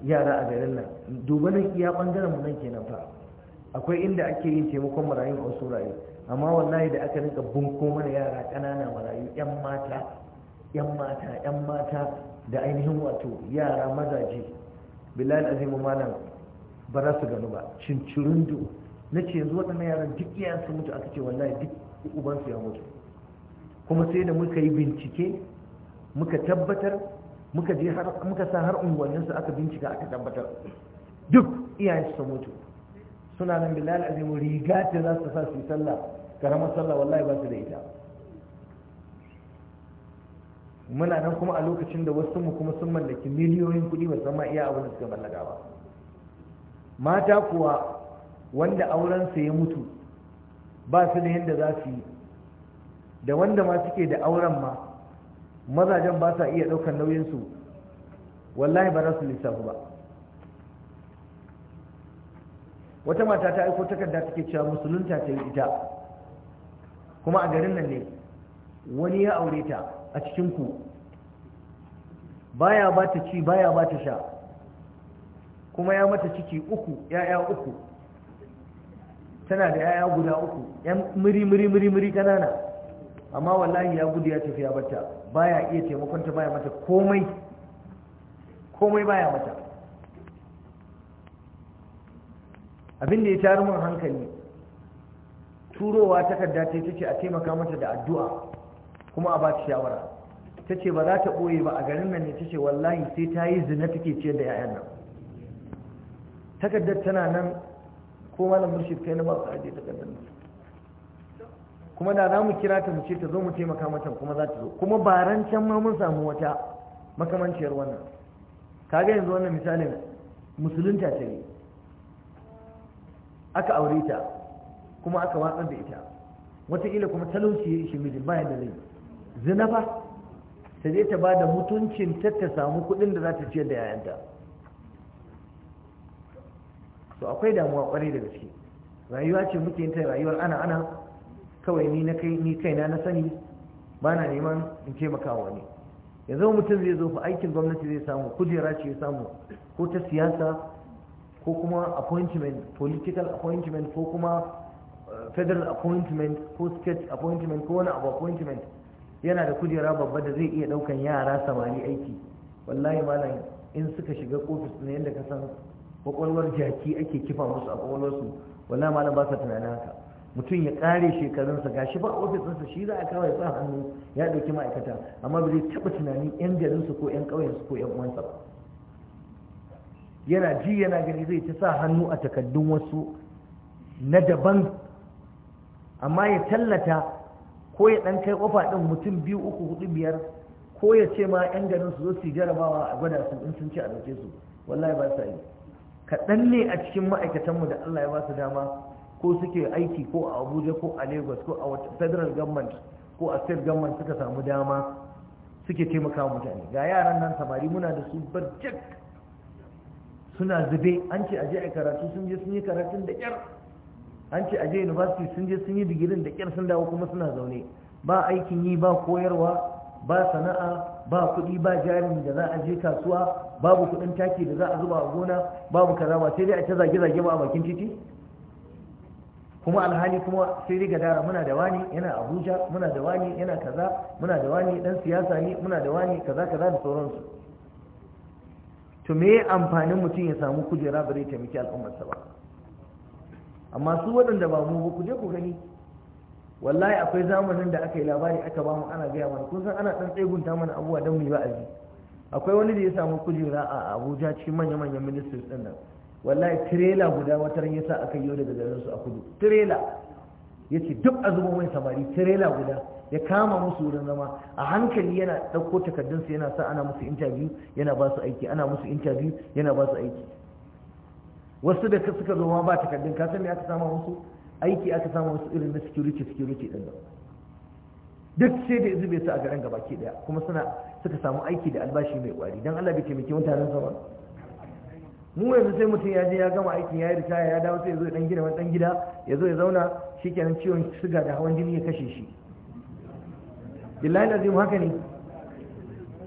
yara a garin nan duba nan iya bangaren mu nan kenan fa akwai inda ake yin taimakon marayu a wasu rayu amma wallahi da aka rinka bunko mana yara kanana marayu yan mata yan mata yan mata da ainihin wato yara mazaje bilal azimu malam ba za su gano ba cincirin na yanzu waɗannan yaran duk iyayen su mutu aka ce wallahi duk ubansu ya mutu kuma sai da muka yi bincike muka tabbatar muka je har muka sa har unguwanninsu aka bincika aka tabbatar duk iyayen su mutu suna nan bilal azim riga ta za su sa su yi sallah karamar sallah wallahi ba su da ita muna nan kuma a lokacin da wasu mu kuma sun mallaki miliyoyin kuɗi ba zama iya abin da suka mallaka ba mata kuwa wanda aurensa ya mutu ba su da yadda za su yi da wanda ma suke da auren ma mazajen ba sa iya ɗaukar nauyinsu wallahi ba za su lissafu ba wata mata ta aiko takarda take cewa musulunta ta yi ita kuma a garin nan ne wani ya aure ta a cikinku baya ba ta ci baya ba ta sha kuma ya mata ciki uku ya'ya uku tana da ya'ya guda uku yan muri muri muri muri kanana amma wallahi ya gudu ya tafi ya bata baya iya taimakon ta baya mata komai komai baya mata abin da ya tayar min hankali turowa takarda ta ce a taimaka mata da addu'a kuma a ba ta shawara ta ce ba za ta ɓoye ba a garin nan ne ta ce wallahi sai ta yi zina take ciyar da 'ya'yan nan takardar tana nan ko malam murshid kai na ba su aje takardar nan kuma da za mu kira ta mu ce ta zo mu taimaka mata kuma za ta zo kuma ran can ma mun samu wata makamanciyar wannan kaga yanzu wannan misalin musulunta ta ne aka aure ta kuma aka watsar da ita wataƙila kuma talauci ya ishe mijin bayan da zai zina ba ta je ta ba da mutuncin ta ta samu kuɗin da za ta ciyar da yayanta to akwai damuwa kwarai da gaske rayuwa ce muke yin ta rayuwar ana ana kawai ni na kai ni kaina na sani ba na neman in taimaka wani yanzu mutum zai zo fa aikin gwamnati zai samu kujera ce ya samu ko ta siyasa ko kuma appointment political appointment ko kuma eh, federal appointment ko state appointment ko wani abu appointment yana da kujera babba da zai iya daukan yara samari aiki wallahi malam in suka shiga ofis na yadda ka san kwakwalwar jaki ake kifa musu a kwakwalwarsu wallahi malam ba sa tunanin haka mutum ya kare shekarunsa ga shi ba ofisinsa shi za a kawo sa hannu ya ɗauki ma'aikata amma bai taɓa tunanin 'yan garinsu ko 'yan ƙauyensu ko 'yan uwansa ba yana ji yana gani zai ta sa hannu a takaddun wasu na daban amma ya tallata ko ya ɗan kai ƙofa ɗin mutum biyu uku hudu biyar ko ya ce ma 'yan garin su zo su jarabawa a gwada su in sun ci a dauke su wallahi ba sa yi kaɗan ne a cikin ma'aikatanmu da Allah ya ba su dama ko suke aiki ko a abuja ko a lagos ko a federal government ko a state government suka samu dama suke taimaka mutane ga yaran nan samari muna da su barjek suna zube an ce aje a karatu sun je sun yi karatun da kyar an ce aje university sun je sun yi digirin da kyar sun dawo kuma suna zaune ba aikin yi ba koyarwa ba sana'a ba kuɗi ba jarumi da za a je kasuwa babu kuɗin taki da za a zuba a gona babu kaza ba sai dai a ta zage-zage ba a bakin titi kuma alhali kuma sai riga dara muna da wani yana abuja muna da wani yana kaza muna da wani dan siyasa ne muna da wani kaza kaza da sauransu to me amfanin mutum ya samu kujera ba zai taimaki al'ummarsa ba amma su waɗanda ba mu ba ku je ku gani wallahi akwai zamanin da aka yi labari aka ba mu ana gaya mana kun san ana ɗan tsegunta mana abubuwa don mu yi wa'azi akwai wani da ya samu kujera a abuja cikin manya-manyan ministers ɗin nan wallahi tirela guda wata ran yasa aka yi daga garin su a kudu tirela yace duk azumin mai samari tirela guda ya kama musu wurin zama a hankali yana takardun takardunsu yana sa ana musu interview yana ba su aiki ana musu interview yana ba su aiki wasu da suka zo ma ba takardun ka sani aka samu musu aiki aka samu musu irin na security security din nan duk sai da zube su a garin gabaki daya kuma suna suka samu aiki da albashi mai kwari dan Allah bai taimake mutanen sa ba mu yanzu sai mutum ya je ya gama aikin ya yi ritaya ya dawo sai ya zo dan gida wani dan gida ya zo ya zauna shikenan ciwon suga da hawan jini ya kashe shi billahi zimu haka ne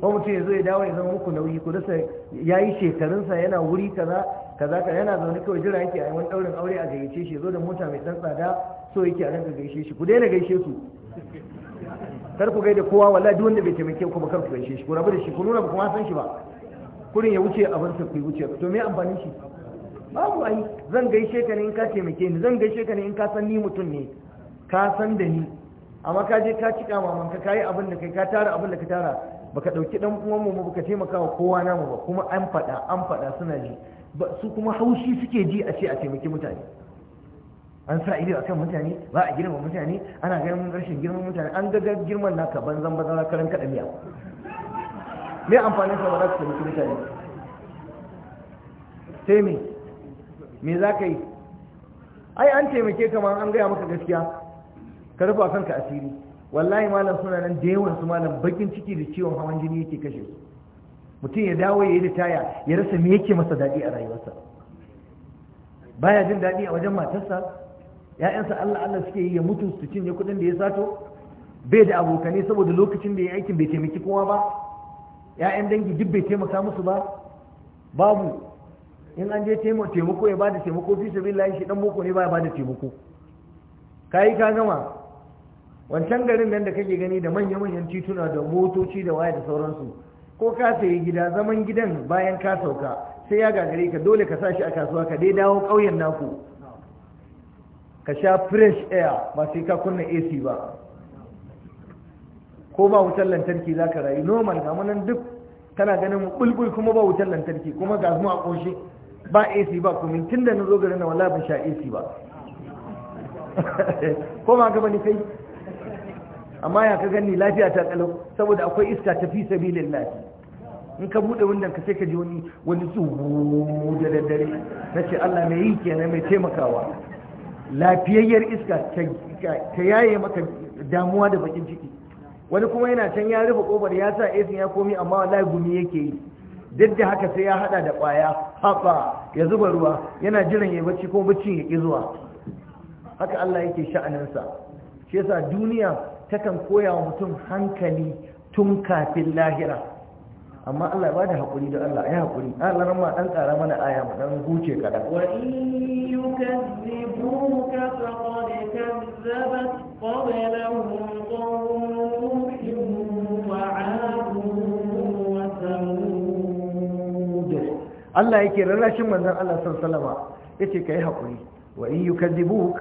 ko mutum ya zo ya dawo ya zama muku nauyi ku dasa ya yi shekarunsa yana wuri kaza kaza ka yana zaune kawai jira yake a wani daurin aure a gayyace shi ya zo da mota mai dan tsada so yake a ranka gaishe shi ku daina gaishe su kar ku gaida kowa wallahi duk wanda bai taimake ku ba kar ku gaishe shi ku rabu da shi ku nuna ba kuma san shi ba kurin ya wuce abin sa kai wuce to me amfani shi babu ai zan gaishe ka ne in ka taimake ni zan gaishe ka ne in ka san ni mutum ne ka san da ni amma ka je ka cika maman ka kai abin da kai ka tara abin da ka tara baka dauki dan uwan mu baka taimaka wa kowa namu ba kuma an fada an fada suna ji su kuma haushi suke ji a ce a taimaki mutane an sa ido akan mutane ba a girma mutane ana ganin rashin girman mutane an ga girman naka banzan bazara karan kada miya me amfanin sa ba za ka taimaki mutane sai me me za ka yi ai an taimake ka an gaya maka gaskiya ka rufa kanka asiri wallahi malam suna nan da yawan su malam bakin ciki da ciwon hawan jini yake kashe mutum ya dawo ya yi da taya ya rasa me yake masa daɗi a rayuwarsa baya jin daɗi a wajen matarsa ya'yansa Allah Allah suke yi ya mutu su cinye kuɗin da ya sato bai da abokanai saboda lokacin da ya aikin bai taimaki kowa ba 'ya'yan dangi duk bai taimaka musu ba babu in an je taimako ya ba da taimako fi sabi layi shi dan boko ne ba ya bada taimako kayi ka gama wancan garin nan da kake gani da manya-manyan tituna da motoci da waya da sauransu ko ka sayi gida zaman gidan bayan ka sauka sai ya gagare ka dole ka sa shi a kasuwa ka dai dawo ƙauyen naku ka sha fresh air ba sai ka kunna ac ba ko ba wutar lantarki za ka rayu normal ga nan duk tana ganin bulbul kuma ba wutar lantarki kuma ga mu a ƙoshe ba ac ba kuma tun da na zo garin na wallahi ban sha ac ba ko ma ka bani kai amma ya ka gani lafiya ta kalau saboda akwai iska ta fi sabilillah in ka bude wundan ka sai ka ji wani wani tsubu da daddare na ce Allah mai yi kenan mai taimakawa lafiyayyar iska ta yaye maka damuwa da bakin ciki wani kuma yana can ya rufe kofar ya sa AC ya komi amma wallahi gumi yake yi duk da haka sai ya hada da kwaya haɓa ya zuba ruwa yana jiran ya bacci ko baccin ya ki zuwa haka Allah yake sha'aninsa shi yasa duniya takan koya wa mutum hankali tun kafin lahira amma Allah ba da haƙuri da Allah ya haƙuri Allah ran ma dan tsara mana aya mu dan huce kaɗan wa in yukazzibuka faqad kazzabat qablahum qawmun nuhin wa 'adun wa thamud Allah yake rarrashin manzon Allah sallallahu alaihi wasallam yace kai haƙuri wa in yukazzibuka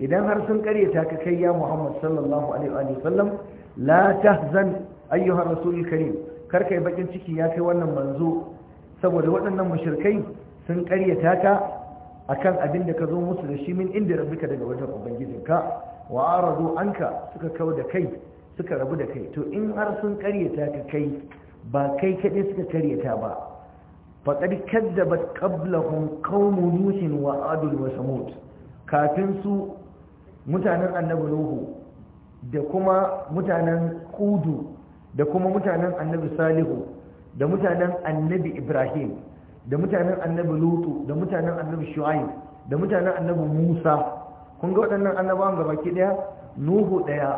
idan har sun karyata ka kai ya Muhammad sallallahu alaihi wa sallam la tahzan ayyuhar rasulul karim karka yi bakin ciki ya kai wannan manzo saboda waɗannan mushrikai sun karyata ka akan abin da ka zo musu da shi min inda rabbika daga wajen ubangijinka wa aradu anka suka kau da kai suka rabu da kai to in har sun karyata ka kai ba kai kaɗai suka karyata ba faƙar ba qablahum qaumun nuhin wa adul wa samud kafin su mutanen annabi nuhu da kuma mutanen kudu da kuma mutanen annabi salihu da mutanen annabi ibrahim da mutanen annabi lutu da mutanen annabi shu'aib da mutanen annabi musa kun ga waɗannan annabawan gabaki ɗaya nuhu ɗaya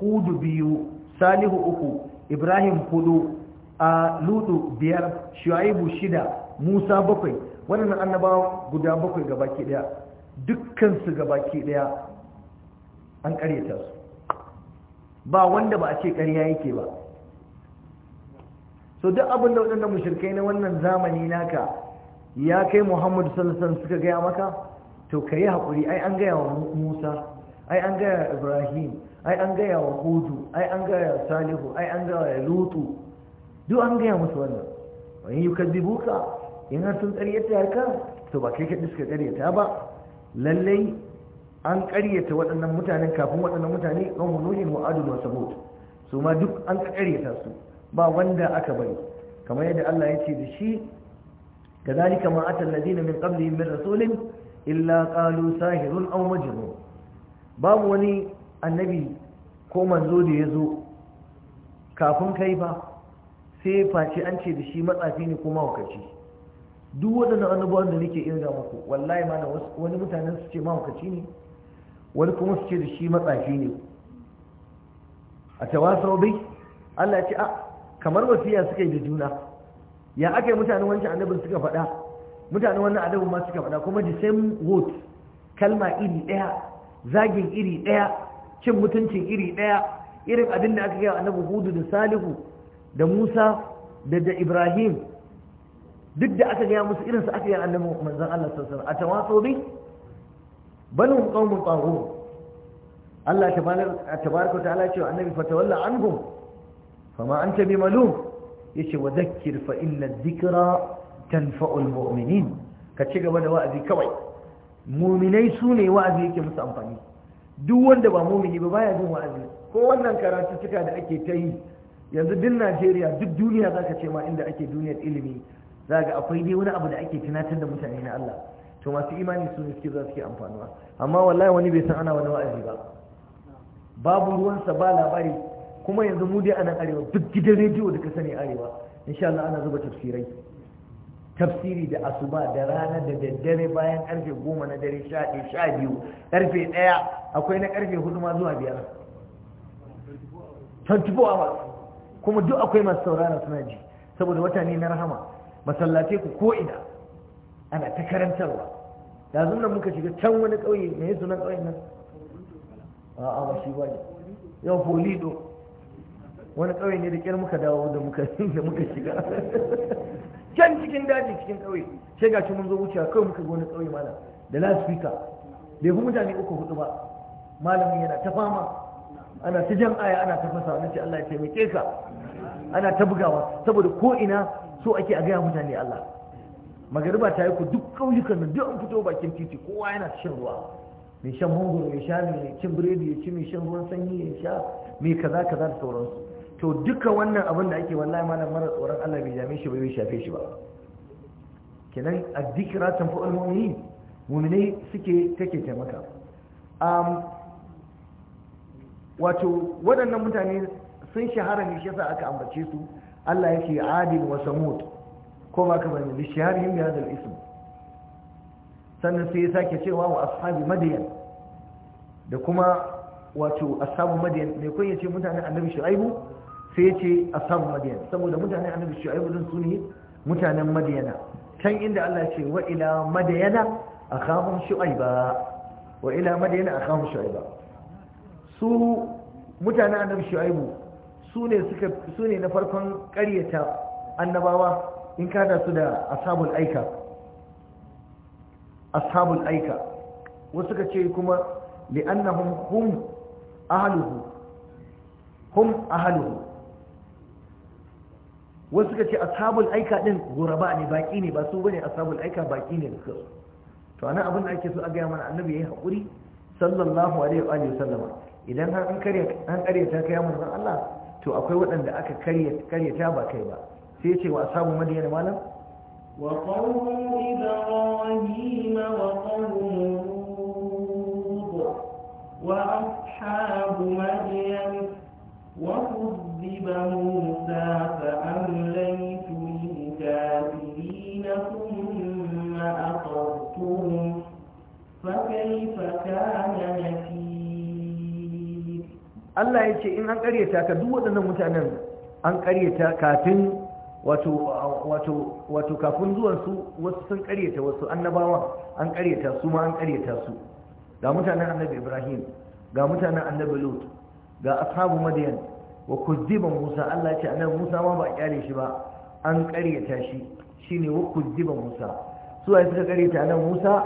hudu biyu salihu uku ibrahim hudu a lutu biyar shu'aibu shida musa bakwai waɗannan annabawa guda bakwai gabaki ɗaya dukkansu gabaki ɗaya an ƙaryata su ba wanda ba a ce ƙarya yake ba so duk abin da waɗannan mushirkai na wannan zamani naka ya kai muhammadu sallallahu suka gaya maka to ka yi haƙuri ai an gaya wa musa ai an gaya wa ibrahim ai an gaya wa hudu ai an gaya wa salihu ai an gaya wa lutu duk an gaya musu wannan wani yi kaddibuka in har sun ya ka to ba kai kaɗi suka karyata ba lallai an ƙaryata waɗannan mutanen kafin waɗannan mutane ɗan nuhin wa adul wa sabot su ma duk an ƙaryata su ba wanda aka bari kamar yadda Allah ya ce da shi kadhalika ma atal ladina min qablihim min rasulin illa qalu sahirun aw majnun babu wani annabi ko manzo da yazo kafin kai ba sai face an ce da shi matsafi ne ko mahaukaci duk waɗannan annabawan da nake irga muku wallahi mana wani mutanen su ce mahaukaci ne wani kuma su ce da shi matsafi ne a tawasau bai Allah ya ce a ah, kamar wasiya suka yi da juna ya aka yi mutanen wancan annabin suka faɗa mutanen wannan annabin ma suka faɗa kuma the same word kalma iri ɗaya zagin iri ɗaya cin mutuncin iri ɗaya irin abin da aka yi annabi hudu da salihu da musa da da ibrahim duk da aka gaya musu irinsu aka yi annabi manzan allah sassana a tawaso bi banin ƙaumin ƙwaro allah ta ta ala cewa annabi fatawalla anhum fama anta bi malum yace wa dhakkir fa inna dhikra tanfa'ul mu'minin ka ci gaba da wa'azi kawai mu'minai su ne wa'azi yake musu amfani duk wanda ba mu'mini ba baya jin wa'azi ko wannan karatu cika da ake ta yi yanzu duk Najeriya duk duniya zaka ce ma inda ake duniyar ilimi zaka akwai dai wani abu da ake tunatar da mutane na Allah to masu imani su ne za su ke amfanuwa amma wallahi wani bai san ana wani wa'azi ba babu ruwansa ba labari kuma yanzu mu dai a nan arewa duk gidan rediyo da ka sani arewa insha Allah ana zuba tafsirai tafsiri da asuba da rana da daddare bayan karfe goma na dare sha ɗaya sha biyu karfe ɗaya akwai na karfe hudu ma zuwa biyar 24 hours kuma duk akwai masu saurara suna ji saboda wata ne na rahama masallatai ku ko ina ana ta karantarwa yanzu nan muka shiga can wani ƙauye me yasu nan ƙauyen nan a'a ba shi ba ne yau folido wani ƙauye ne da ƙyar muka dawo da muka shiga can cikin daji cikin ƙauye sai ga mun zo wucewa kawai muka ga wani ƙauye mana. da lasfika bai fi mutane uku hudu ba malamin yana ta fama ana ta jan aya ana ta fasa na ce Allah ya taimake ka ana ta bugawa saboda ko ina so ake a gaya mutane Allah magariba ta yi ku duk ƙauyukan nan duk an fito bakin titi kowa yana shan ruwa mai shan mangoro ya sha mai cin biredi ya ci mai shan ruwan sanyi ya sha mai kaza kaza da sauransu to duka wannan abin da ake wallahi malam mara tsoron Allah bai jami shi ba bai shafe shi ba kenan addikira fa'ul mu'minin mu'minai suke take taimaka um wato waɗannan mutane sun shahara ne shi yasa aka ambace su Allah yake adil wa samud ko ba ka bani li bi ism sannan sai ya sake cewa wa ashabi madyan da kuma wato ashabu madiyan mai kun yace mutanen annabi shu'aibu sai yace ashabu madiyan saboda mutanen annabi shu'aibu din su ne mutanen madiyana can inda Allah ya ce wa ila madiyana akhahum shu'aiba wa ila madiyana akhahum shu'aiba su mutanen annabi shu'aibu su ne suka su ne na farkon ƙaryata annabawa in ka kada su da ashabul aika ashabul aika wasu ka ce kuma li'annahum hum ahluhu hum ahluhu wasu suka ce ashabul aika din guraba ne baki ne ba su bane ashabul aika baki ne da kansu to anan abin da ake so a gaya mana annabi yayi hakuri sallallahu alaihi wa sallama idan har an kare an kare ta kai manzon Allah to akwai waɗanda aka kare kare ta ba kai ba sai ya ce wa ashabu madiyana malam wa qawmu ibrahim wa qawmu وأصحاب مدين وكذب موسى فأمليت للكافرين ثم أخذتهم فكيف كان نكير الله يجي إن أن قريتا كدوة أن متأنم أن قريتا كاتن wato kafin zuwansu wasu sun karyata wasu annabawa an karyata su ma an karyata su ga mutanen annabi ibrahim ga mutanen annabi lut ga ashabu madiyan wa kuzziba musa Allah ya ce annabi musa ma ba a kyale shi ba an karyata shi shine wa kuzziba musa su ai suka karyata annabi musa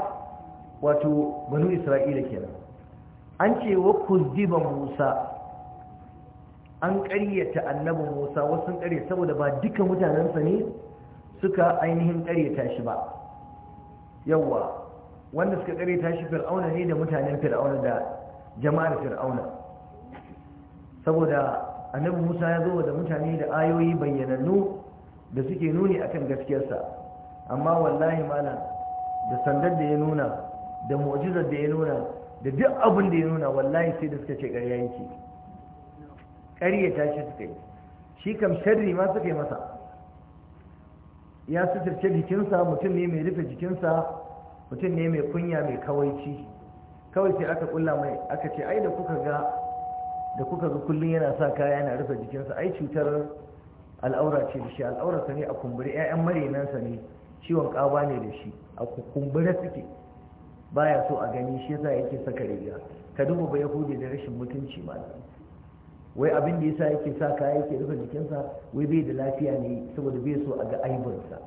wato banu isra'ila kenan an ce wa kuzziba musa an karyata annabi musa wasu karya saboda ba duka mutanensa ne suka ainihin karyata shi ba yawwa wanda suka tsare tashi fir'auna ne da mutanen fir'auna da jama'ar fir'auna saboda annabi musa ya zo da mutane da ayoyi bayyanannu da suke nuni akan gaskiyarsa amma wallahi malam da sandar da ya nuna da mu'jizar da ya nuna da duk abin da ya nuna wallahi sai da suka ce ƙarya yake ƙarya tashi suka yi shi kam sharri ma suka yi masa ya suturce jikinsa mutum ne mai rufe jikinsa mutum ne mai kunya mai kawaici kawai sai aka kulla mai aka ce ai da kuka ga da kuka ga kullum yana sa kaya yana rufe jikinsa ai cutar al'aura ce da shi al'aurarsa ne a kumbure 'ya'yan marinansa ne ciwon ƙaba ne da shi a kumbura suke baya so a gani shi yasa yake saka riga ka duba ba yahudi da rashin mutunci ma wai abin da yasa yake sa kaya yake rufe jikinsa wai bai da lafiya ne saboda bai so a ga aibinsa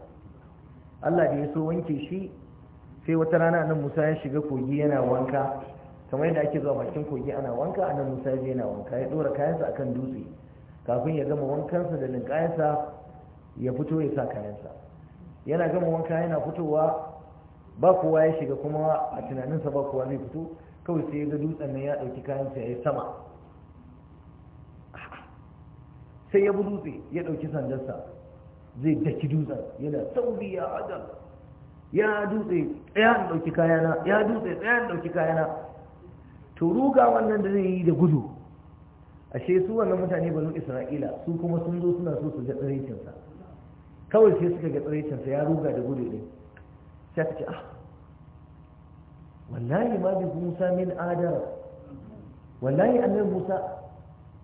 Allah da ya so wanke shi sai wata rana nan Musa ya shiga kogi yana wanka kamar yadda ake zuwa bakin kogi ana wanka nan Musa ya yana wanka ya dora kayansa akan dutse kafin ya gama wankansa da linkayansa ya fito ya sa kayansa yana gama wanka yana fitowa ba kowa ya shiga kuma a tunaninsa ba kowa zai fito kawai sai ya ga dutsen nan ya ɗauki kayansa ya yi sama sai ya bi dutse ya ɗauki sandarsa zai daki dutsen yana sauri ya adam ya dutse tsaya dauki ɗauki kayana ya dutse tsaya dauki ɗauki kayana to ruga wannan da zai yi da gudu ashe su wannan mutane banu isra'ila su kuma sun zo suna so su ga sa kawai sai suka ga sa ya ruga da gudu ne sai ka ce ah wallahi ma bi musa min adar wallahi annabi musa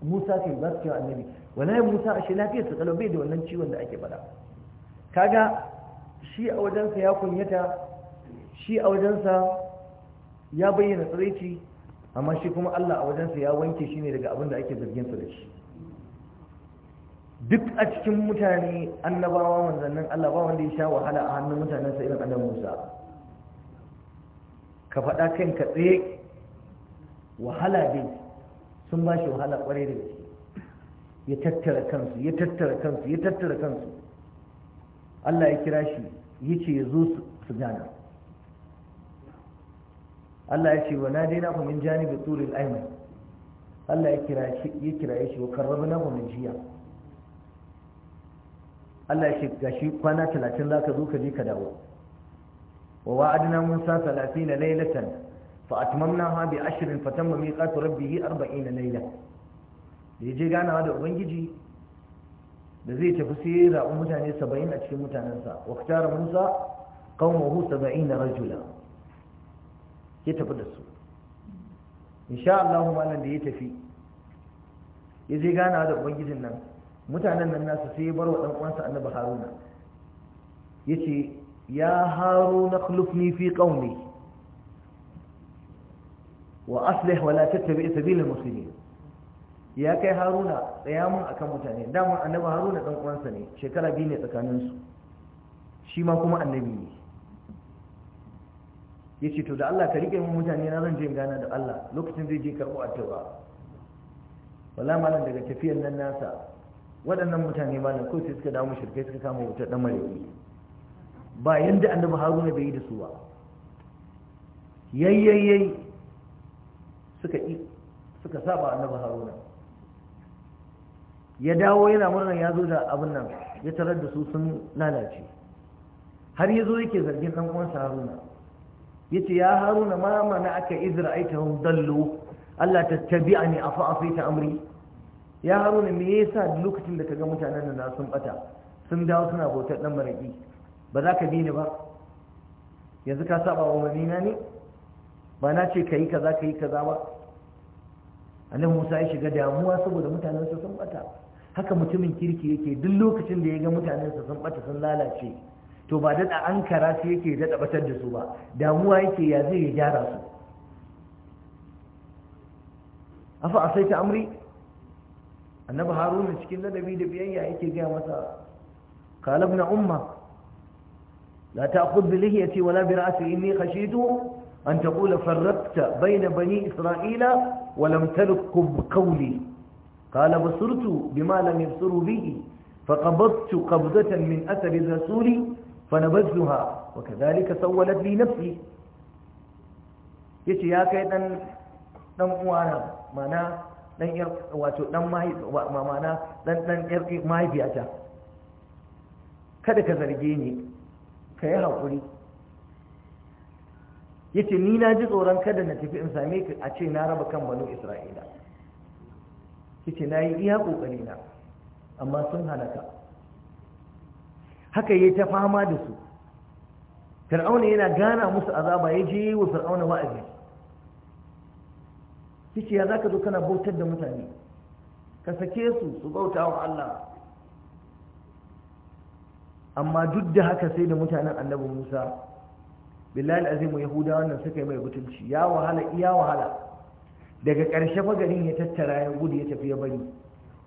musa ke ba su cewa annabi wallahi musa ashe lafiyar sa kalau bai da wannan ciwon da ake faɗa kaga shi a wajensa ya kunyata shi a wajensa ya bayyana tsaraici amma shi kuma Allah a wajensa ya wanke shi ne daga abin da ake zargin sa da shi duk a cikin mutane annabawa manzannin Allah ba wanda ya sha wahala a hannun mutanen irin annabi Musa ka faɗa kanka tsaye wahala dai sun ba shi wahala kwarai da gaske ya tattara kansu ya tattara kansu ya tattara kansu Allah ya kira shi yace ya zo su gana Allah ya ce wa na dai na min da turil ayman Allah ya kira shi ya kira shi wa karrabna mu min jiya Allah ya ce gashi kwana talatin za ka zo ka je ka dawo wa wa'adna Musa 30 laylatan fa atmamnaha bi ashrin fatamma miqatu rabbih 40 layla da je ganawa da ubangiji da zai tafi sai ya zaɓi mutane saba'in a cikin mutanensa wa tara musa saba'in na rajula ya tafi da su insha Allah malam da ya tafi ya je gana da ubangijin nan mutanen nan nasu sai ya bar wa ɗan uwansa annabi haruna ce, ya haruna khlufni fi qaumi wa aslih wa la tattabi' sabilin muslimin ya kai haruna tsaya mun akan mutane Dama annabi haruna ɗan uwansa ne shekara biyu ne tsakaninsu shi ma kuma annabi ne ya ce to da Allah ka riƙe mun mutane na zan je gana da Allah lokacin zai je karɓo attawa wala malam daga tafiyar nan nasa waɗannan mutane malam ko sai suka damu shirkai suka kama wutar ɗan mariki ba yanda annabi haruna bai yi da su ba yayyayyai suka yi suka saba annabi haruna ya dawo yana murnar ya zo da abin nan ya tarar da su sun lalace har ya zo yake zargin ɗan uwansa haruna ya ce ya haruna ma mana aka izra aita hun dallo allah ta tabi a ne a fa'afaita amri ya haruna me yasa lokacin da ka ga mutanen da na sun bata sun dawo suna bautar ɗan maraƙi ba za ka bi ni ba yanzu ka saba wa umarnina ne ba na ce ka yi kaza ka yi kaza ba annabi musa ya shiga damuwa saboda mutanen sun bata haka mutumin kirki yake duk lokacin da ya ga mutanensa sun bata sun lalace to ba daɗa an kara su yake daɗa batar da su ba damuwa yake ya zai ya gyara su afa a sai ta amri annabi haruna cikin ladabi da biyayya yake gaya masa kalab na umma la ta'khudh bi lihiyati wala bi ra'si inni khashitu an taqula farraqta bayna bani isra'ila wa lam talqub qawli قال بصرت بما لم يبصر به فقبضت قبضة من أثر الرسول فنبذها وكذلك سولت لي نفسي yace ya kai dan dan uwana mana dan yar wato dan mai mana dan dan yar mahaifiyata kada ka zarge ni ka yi hakuri yace ni na ji tsoron kada na tafi in same ka a ce na raba kan banu isra'ila na yi iya kokari na amma sun halaka haka yi ta fama da su fir'auna yana gana musu azaba ya je wa fir'auna wa'azi yace ya zaka zo kana bautar da mutane ka sake su su bauta wa Allah amma duk da haka sai da mutanen annabi Musa billahi azimu yahudawa wannan suka yi mai butulci ya wahala iya wahala daga ƙarshe fa ya tattara ya gudu ya tafi ya bari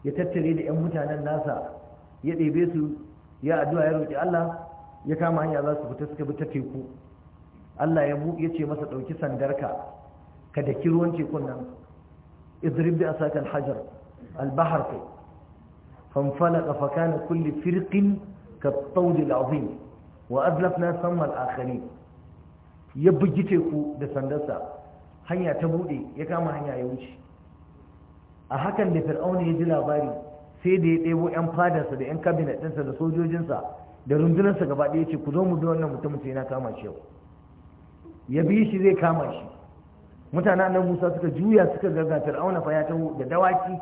ya tattare da 'yan mutanen nasa ya ɗebe su ya addu'a ya roƙi Allah ya kama hanya za su fita suka bi ta teku Allah ya ya ce masa ɗauki sandarka ka daki ruwan tekun nan idrib bi asaka alhajar hajar al famfala fa kana kulli firqin ka at-tawd wa adlafna thumma al ya bugi teku da sandarsa hanya ta bude ya kama hanya ya wuce a hakan da fir'auna ya ji labari sai da ya ɗebo 'yan fadarsa da 'yan kabinet ɗinsa da sojojinsa da rundunarsa gaba ɗaya ce ku zo mu bi wannan mutumin sai na kama shi yau ya bi shi zai kama shi mutanen nan musa suka juya suka garga fir'auna fa ya taho da dawaki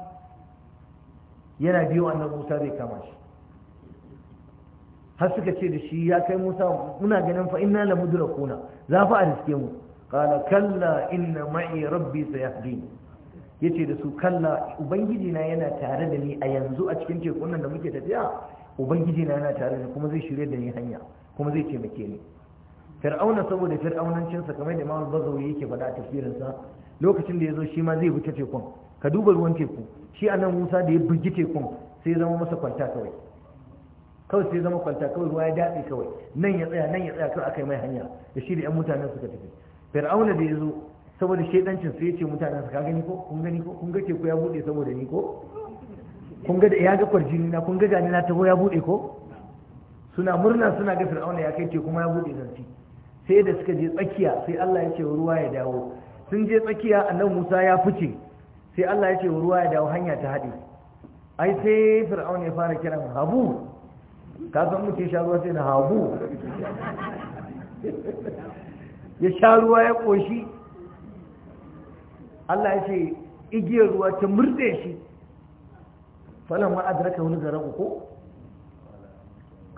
yana biyo annan musa zai kama shi har suka ce da shi ya kai musa muna ganin fa inna da za fa a riske mu qala kalla inna ma'i rabbi sayahdin yace da su kalla ubangiji na yana tare da ni a yanzu a cikin tekun nan da muke tafiya ubangiji na yana tare da kuma zai shirye da ni hanya kuma zai taimake ni fir'auna saboda sa kamar da imam bazawi yake faɗa a sa lokacin da ya zo shi ma zai bi ta tekun ka duba ruwan teku shi anan musa da ya bugi tekun sai zama masa kwanta kawai kawai sai zama kwanta kawai ruwa ya dace kawai nan ya tsaya nan ya tsaya kawai akai yi mai hanya da shi da 'yan mutanen suka tafi fir'auna da zo saboda shaidancin sai ya ce mutanen su ka gani ko kun gani ko kun ga teku ya bude saboda ni ko kun ga da ya ga kwarjini na kun ga gani na taho ya bude ko suna murna suna ga fir'auna ya kai ce kuma ya bude zanci sai da suka je tsakiya sai Allah ya ce ruwa ya dawo sun je tsakiya annabi Musa ya fice sai Allah ya ce ruwa ya dawo hanya ta haɗe ai sai fir'auna ya fara kiran habu ka san muke sha ruwa sai na habu ya sha ruwa ya ƙoshi Allah ya ce igiyar ruwa ta murde shi falon ma adraka wani zaren uku.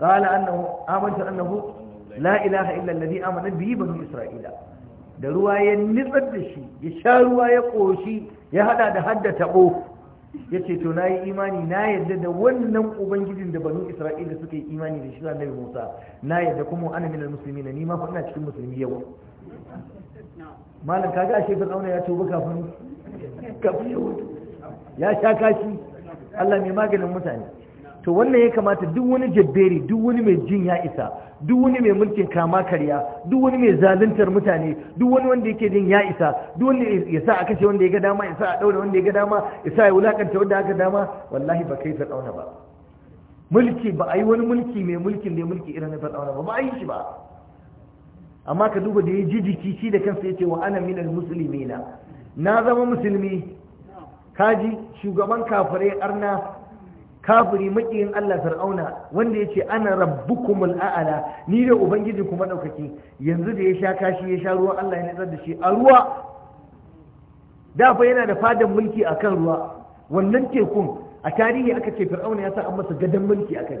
قال أنه آمنت أنه لا إله إلا الذي آمن به بني إسرائيل da ruwa ya nitsar da shi ya sha ruwa ya ƙoshi ya hada da hadda taɓo ya ce to na yi imani na yadda da wannan ubangijin da banu isra'ila suka yi imani da shi annabi musa na yadda kuma ana minar musulmi na nima fa ina cikin musulmi yau malam kaga ashe fa auna ya tuba kafin ya ya sha kashi Allah mai maganin mutane to wannan ya kamata duk wani jabberi duk wani mai jin ya isa duk wani mai mulkin kama karya duk wani mai zaluntar mutane duk wani wanda yake jin ya isa duk wanda ya sa a kashe wanda ya ga dama ya sa a daure wanda ya ga dama ya sa ya wulakanta wanda aka dama wallahi ba kai fir'auna ba mulki ba a yi wani mulki mai mulkin da ya mulki irin na fir'auna ba ba a yi shi ba amma ka duba da ya ji jiki da kansa ya ce wa ana minal muslimina na zama musulmi kaji shugaban kafirai arna kafiri makiyin Allah fir'auna wanda yace ana rabbukumul a'ala ni da ubangiji kuma daukaki yanzu da ya sha kashi ya sha ruwa Allah ya nazar da shi a ruwa da fa yana da fadan mulki akan ruwa wannan tekun a tarihi aka ce fir'auna ya sa an masa gadan mulki akan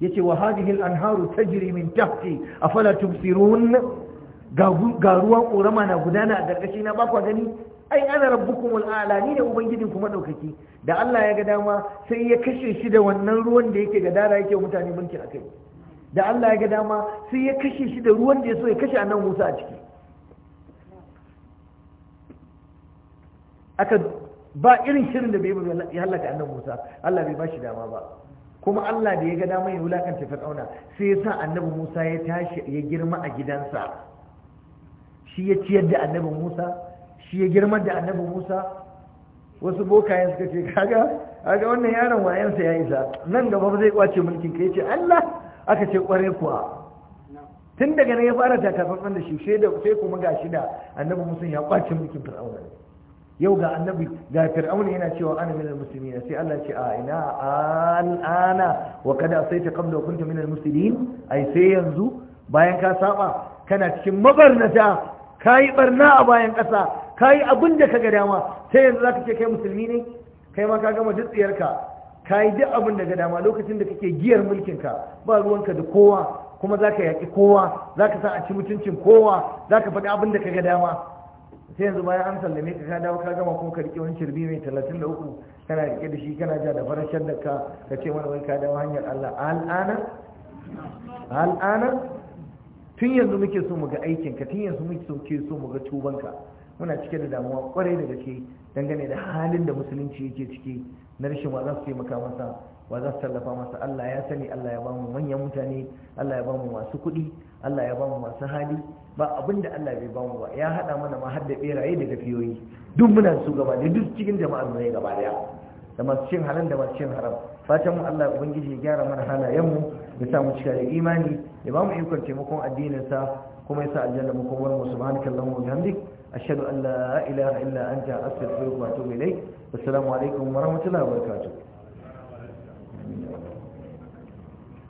yace wa hadhihi al-anharu tajri min tahti afala tubsirun ga ruwan ƙorama na gudana a gargashi na bakwa gani ai ana rabbukum al'ala ni ne ubangijin kuma daukaki da Allah ya ga dama sai ya kashe shi da wannan ruwan da yake gadara yake mutane mulki akai da Allah ya ga dama sai ya kashe shi da ruwan da ya so ya kashe annabi Musa a ciki aka ba irin shirin da bai ya halaka annabi Musa Allah bai bashi dama ba kuma Allah da ya ga dama ya wulakanta Fir'auna sai ya sa annabi Musa ya tashi ya girma a gidansa shi ya ciyar da annabi Musa shi ya girma da annabi musa wasu bokayen suka ce kaga kaga wannan yaron wayansa ya sa, nan gaba zai kwace mulkin ka ce Allah aka ce kware kuwa tun daga ne ya fara takatsantsan da shi sai da sai kuma gashi da annabi musa ya kwace mulkin fir'auna yau ga annabi ga fir'auna yana cewa ana minal muslimin sai Allah ce a ina al'ana wa kada asaita qabla kunta minal muslimin ai sai yanzu bayan ka saba kana cikin mabarnata Kayi yi barna a bayan ƙasa kayi yi abin da ka ga dama sai yanzu za ka ce kai musulmi ne kai ma ka gama duk kayi ka yi duk abin da ga dama lokacin da kake giyar mulkin ka ba ruwanka da kowa kuma za ka yaƙi kowa za ka sa a ci mutuncin kowa za ka faɗi abin da ka ga dama sai yanzu bayan an sallame ka ka dawo ka gama kuma ka riƙe wani shirbi mai talatin da uku kana riƙe da shi kana ja da farashin da ka ka ce mana wai ka dawo hanyar Allah al'ana al'ana tun yanzu muke so mu ga ka tun yanzu muke so mu ga ka muna cike da damuwa kwarai da gaske dangane da halin da musulunci yake ciki na rashin wa za su taimaka masa wa za su tallafa masa Allah ya sani Allah ya bamu manyan mutane Allah ya bamu masu kuɗi Allah ya bamu masu hali ba abin da Allah bai bamu ba ya haɗa mana ma har da ɓeraye da gafiyoyi duk muna su gaba da duk cikin jama'ar mu ne gaba da masu cin haram da masu cin haram fatan mu Allah ubangiji ya gyara mana halayen mu ya samu cika da imani ya ba mu ikon taimakon addininsa kuma ya sa aljanna mu kuma mu subhanaka allahumma wa bihamdik ashhadu an la ilaha illa anta astaghfiruka wa atubu ilayk assalamu alaikum wa rahmatullahi wa barakatuh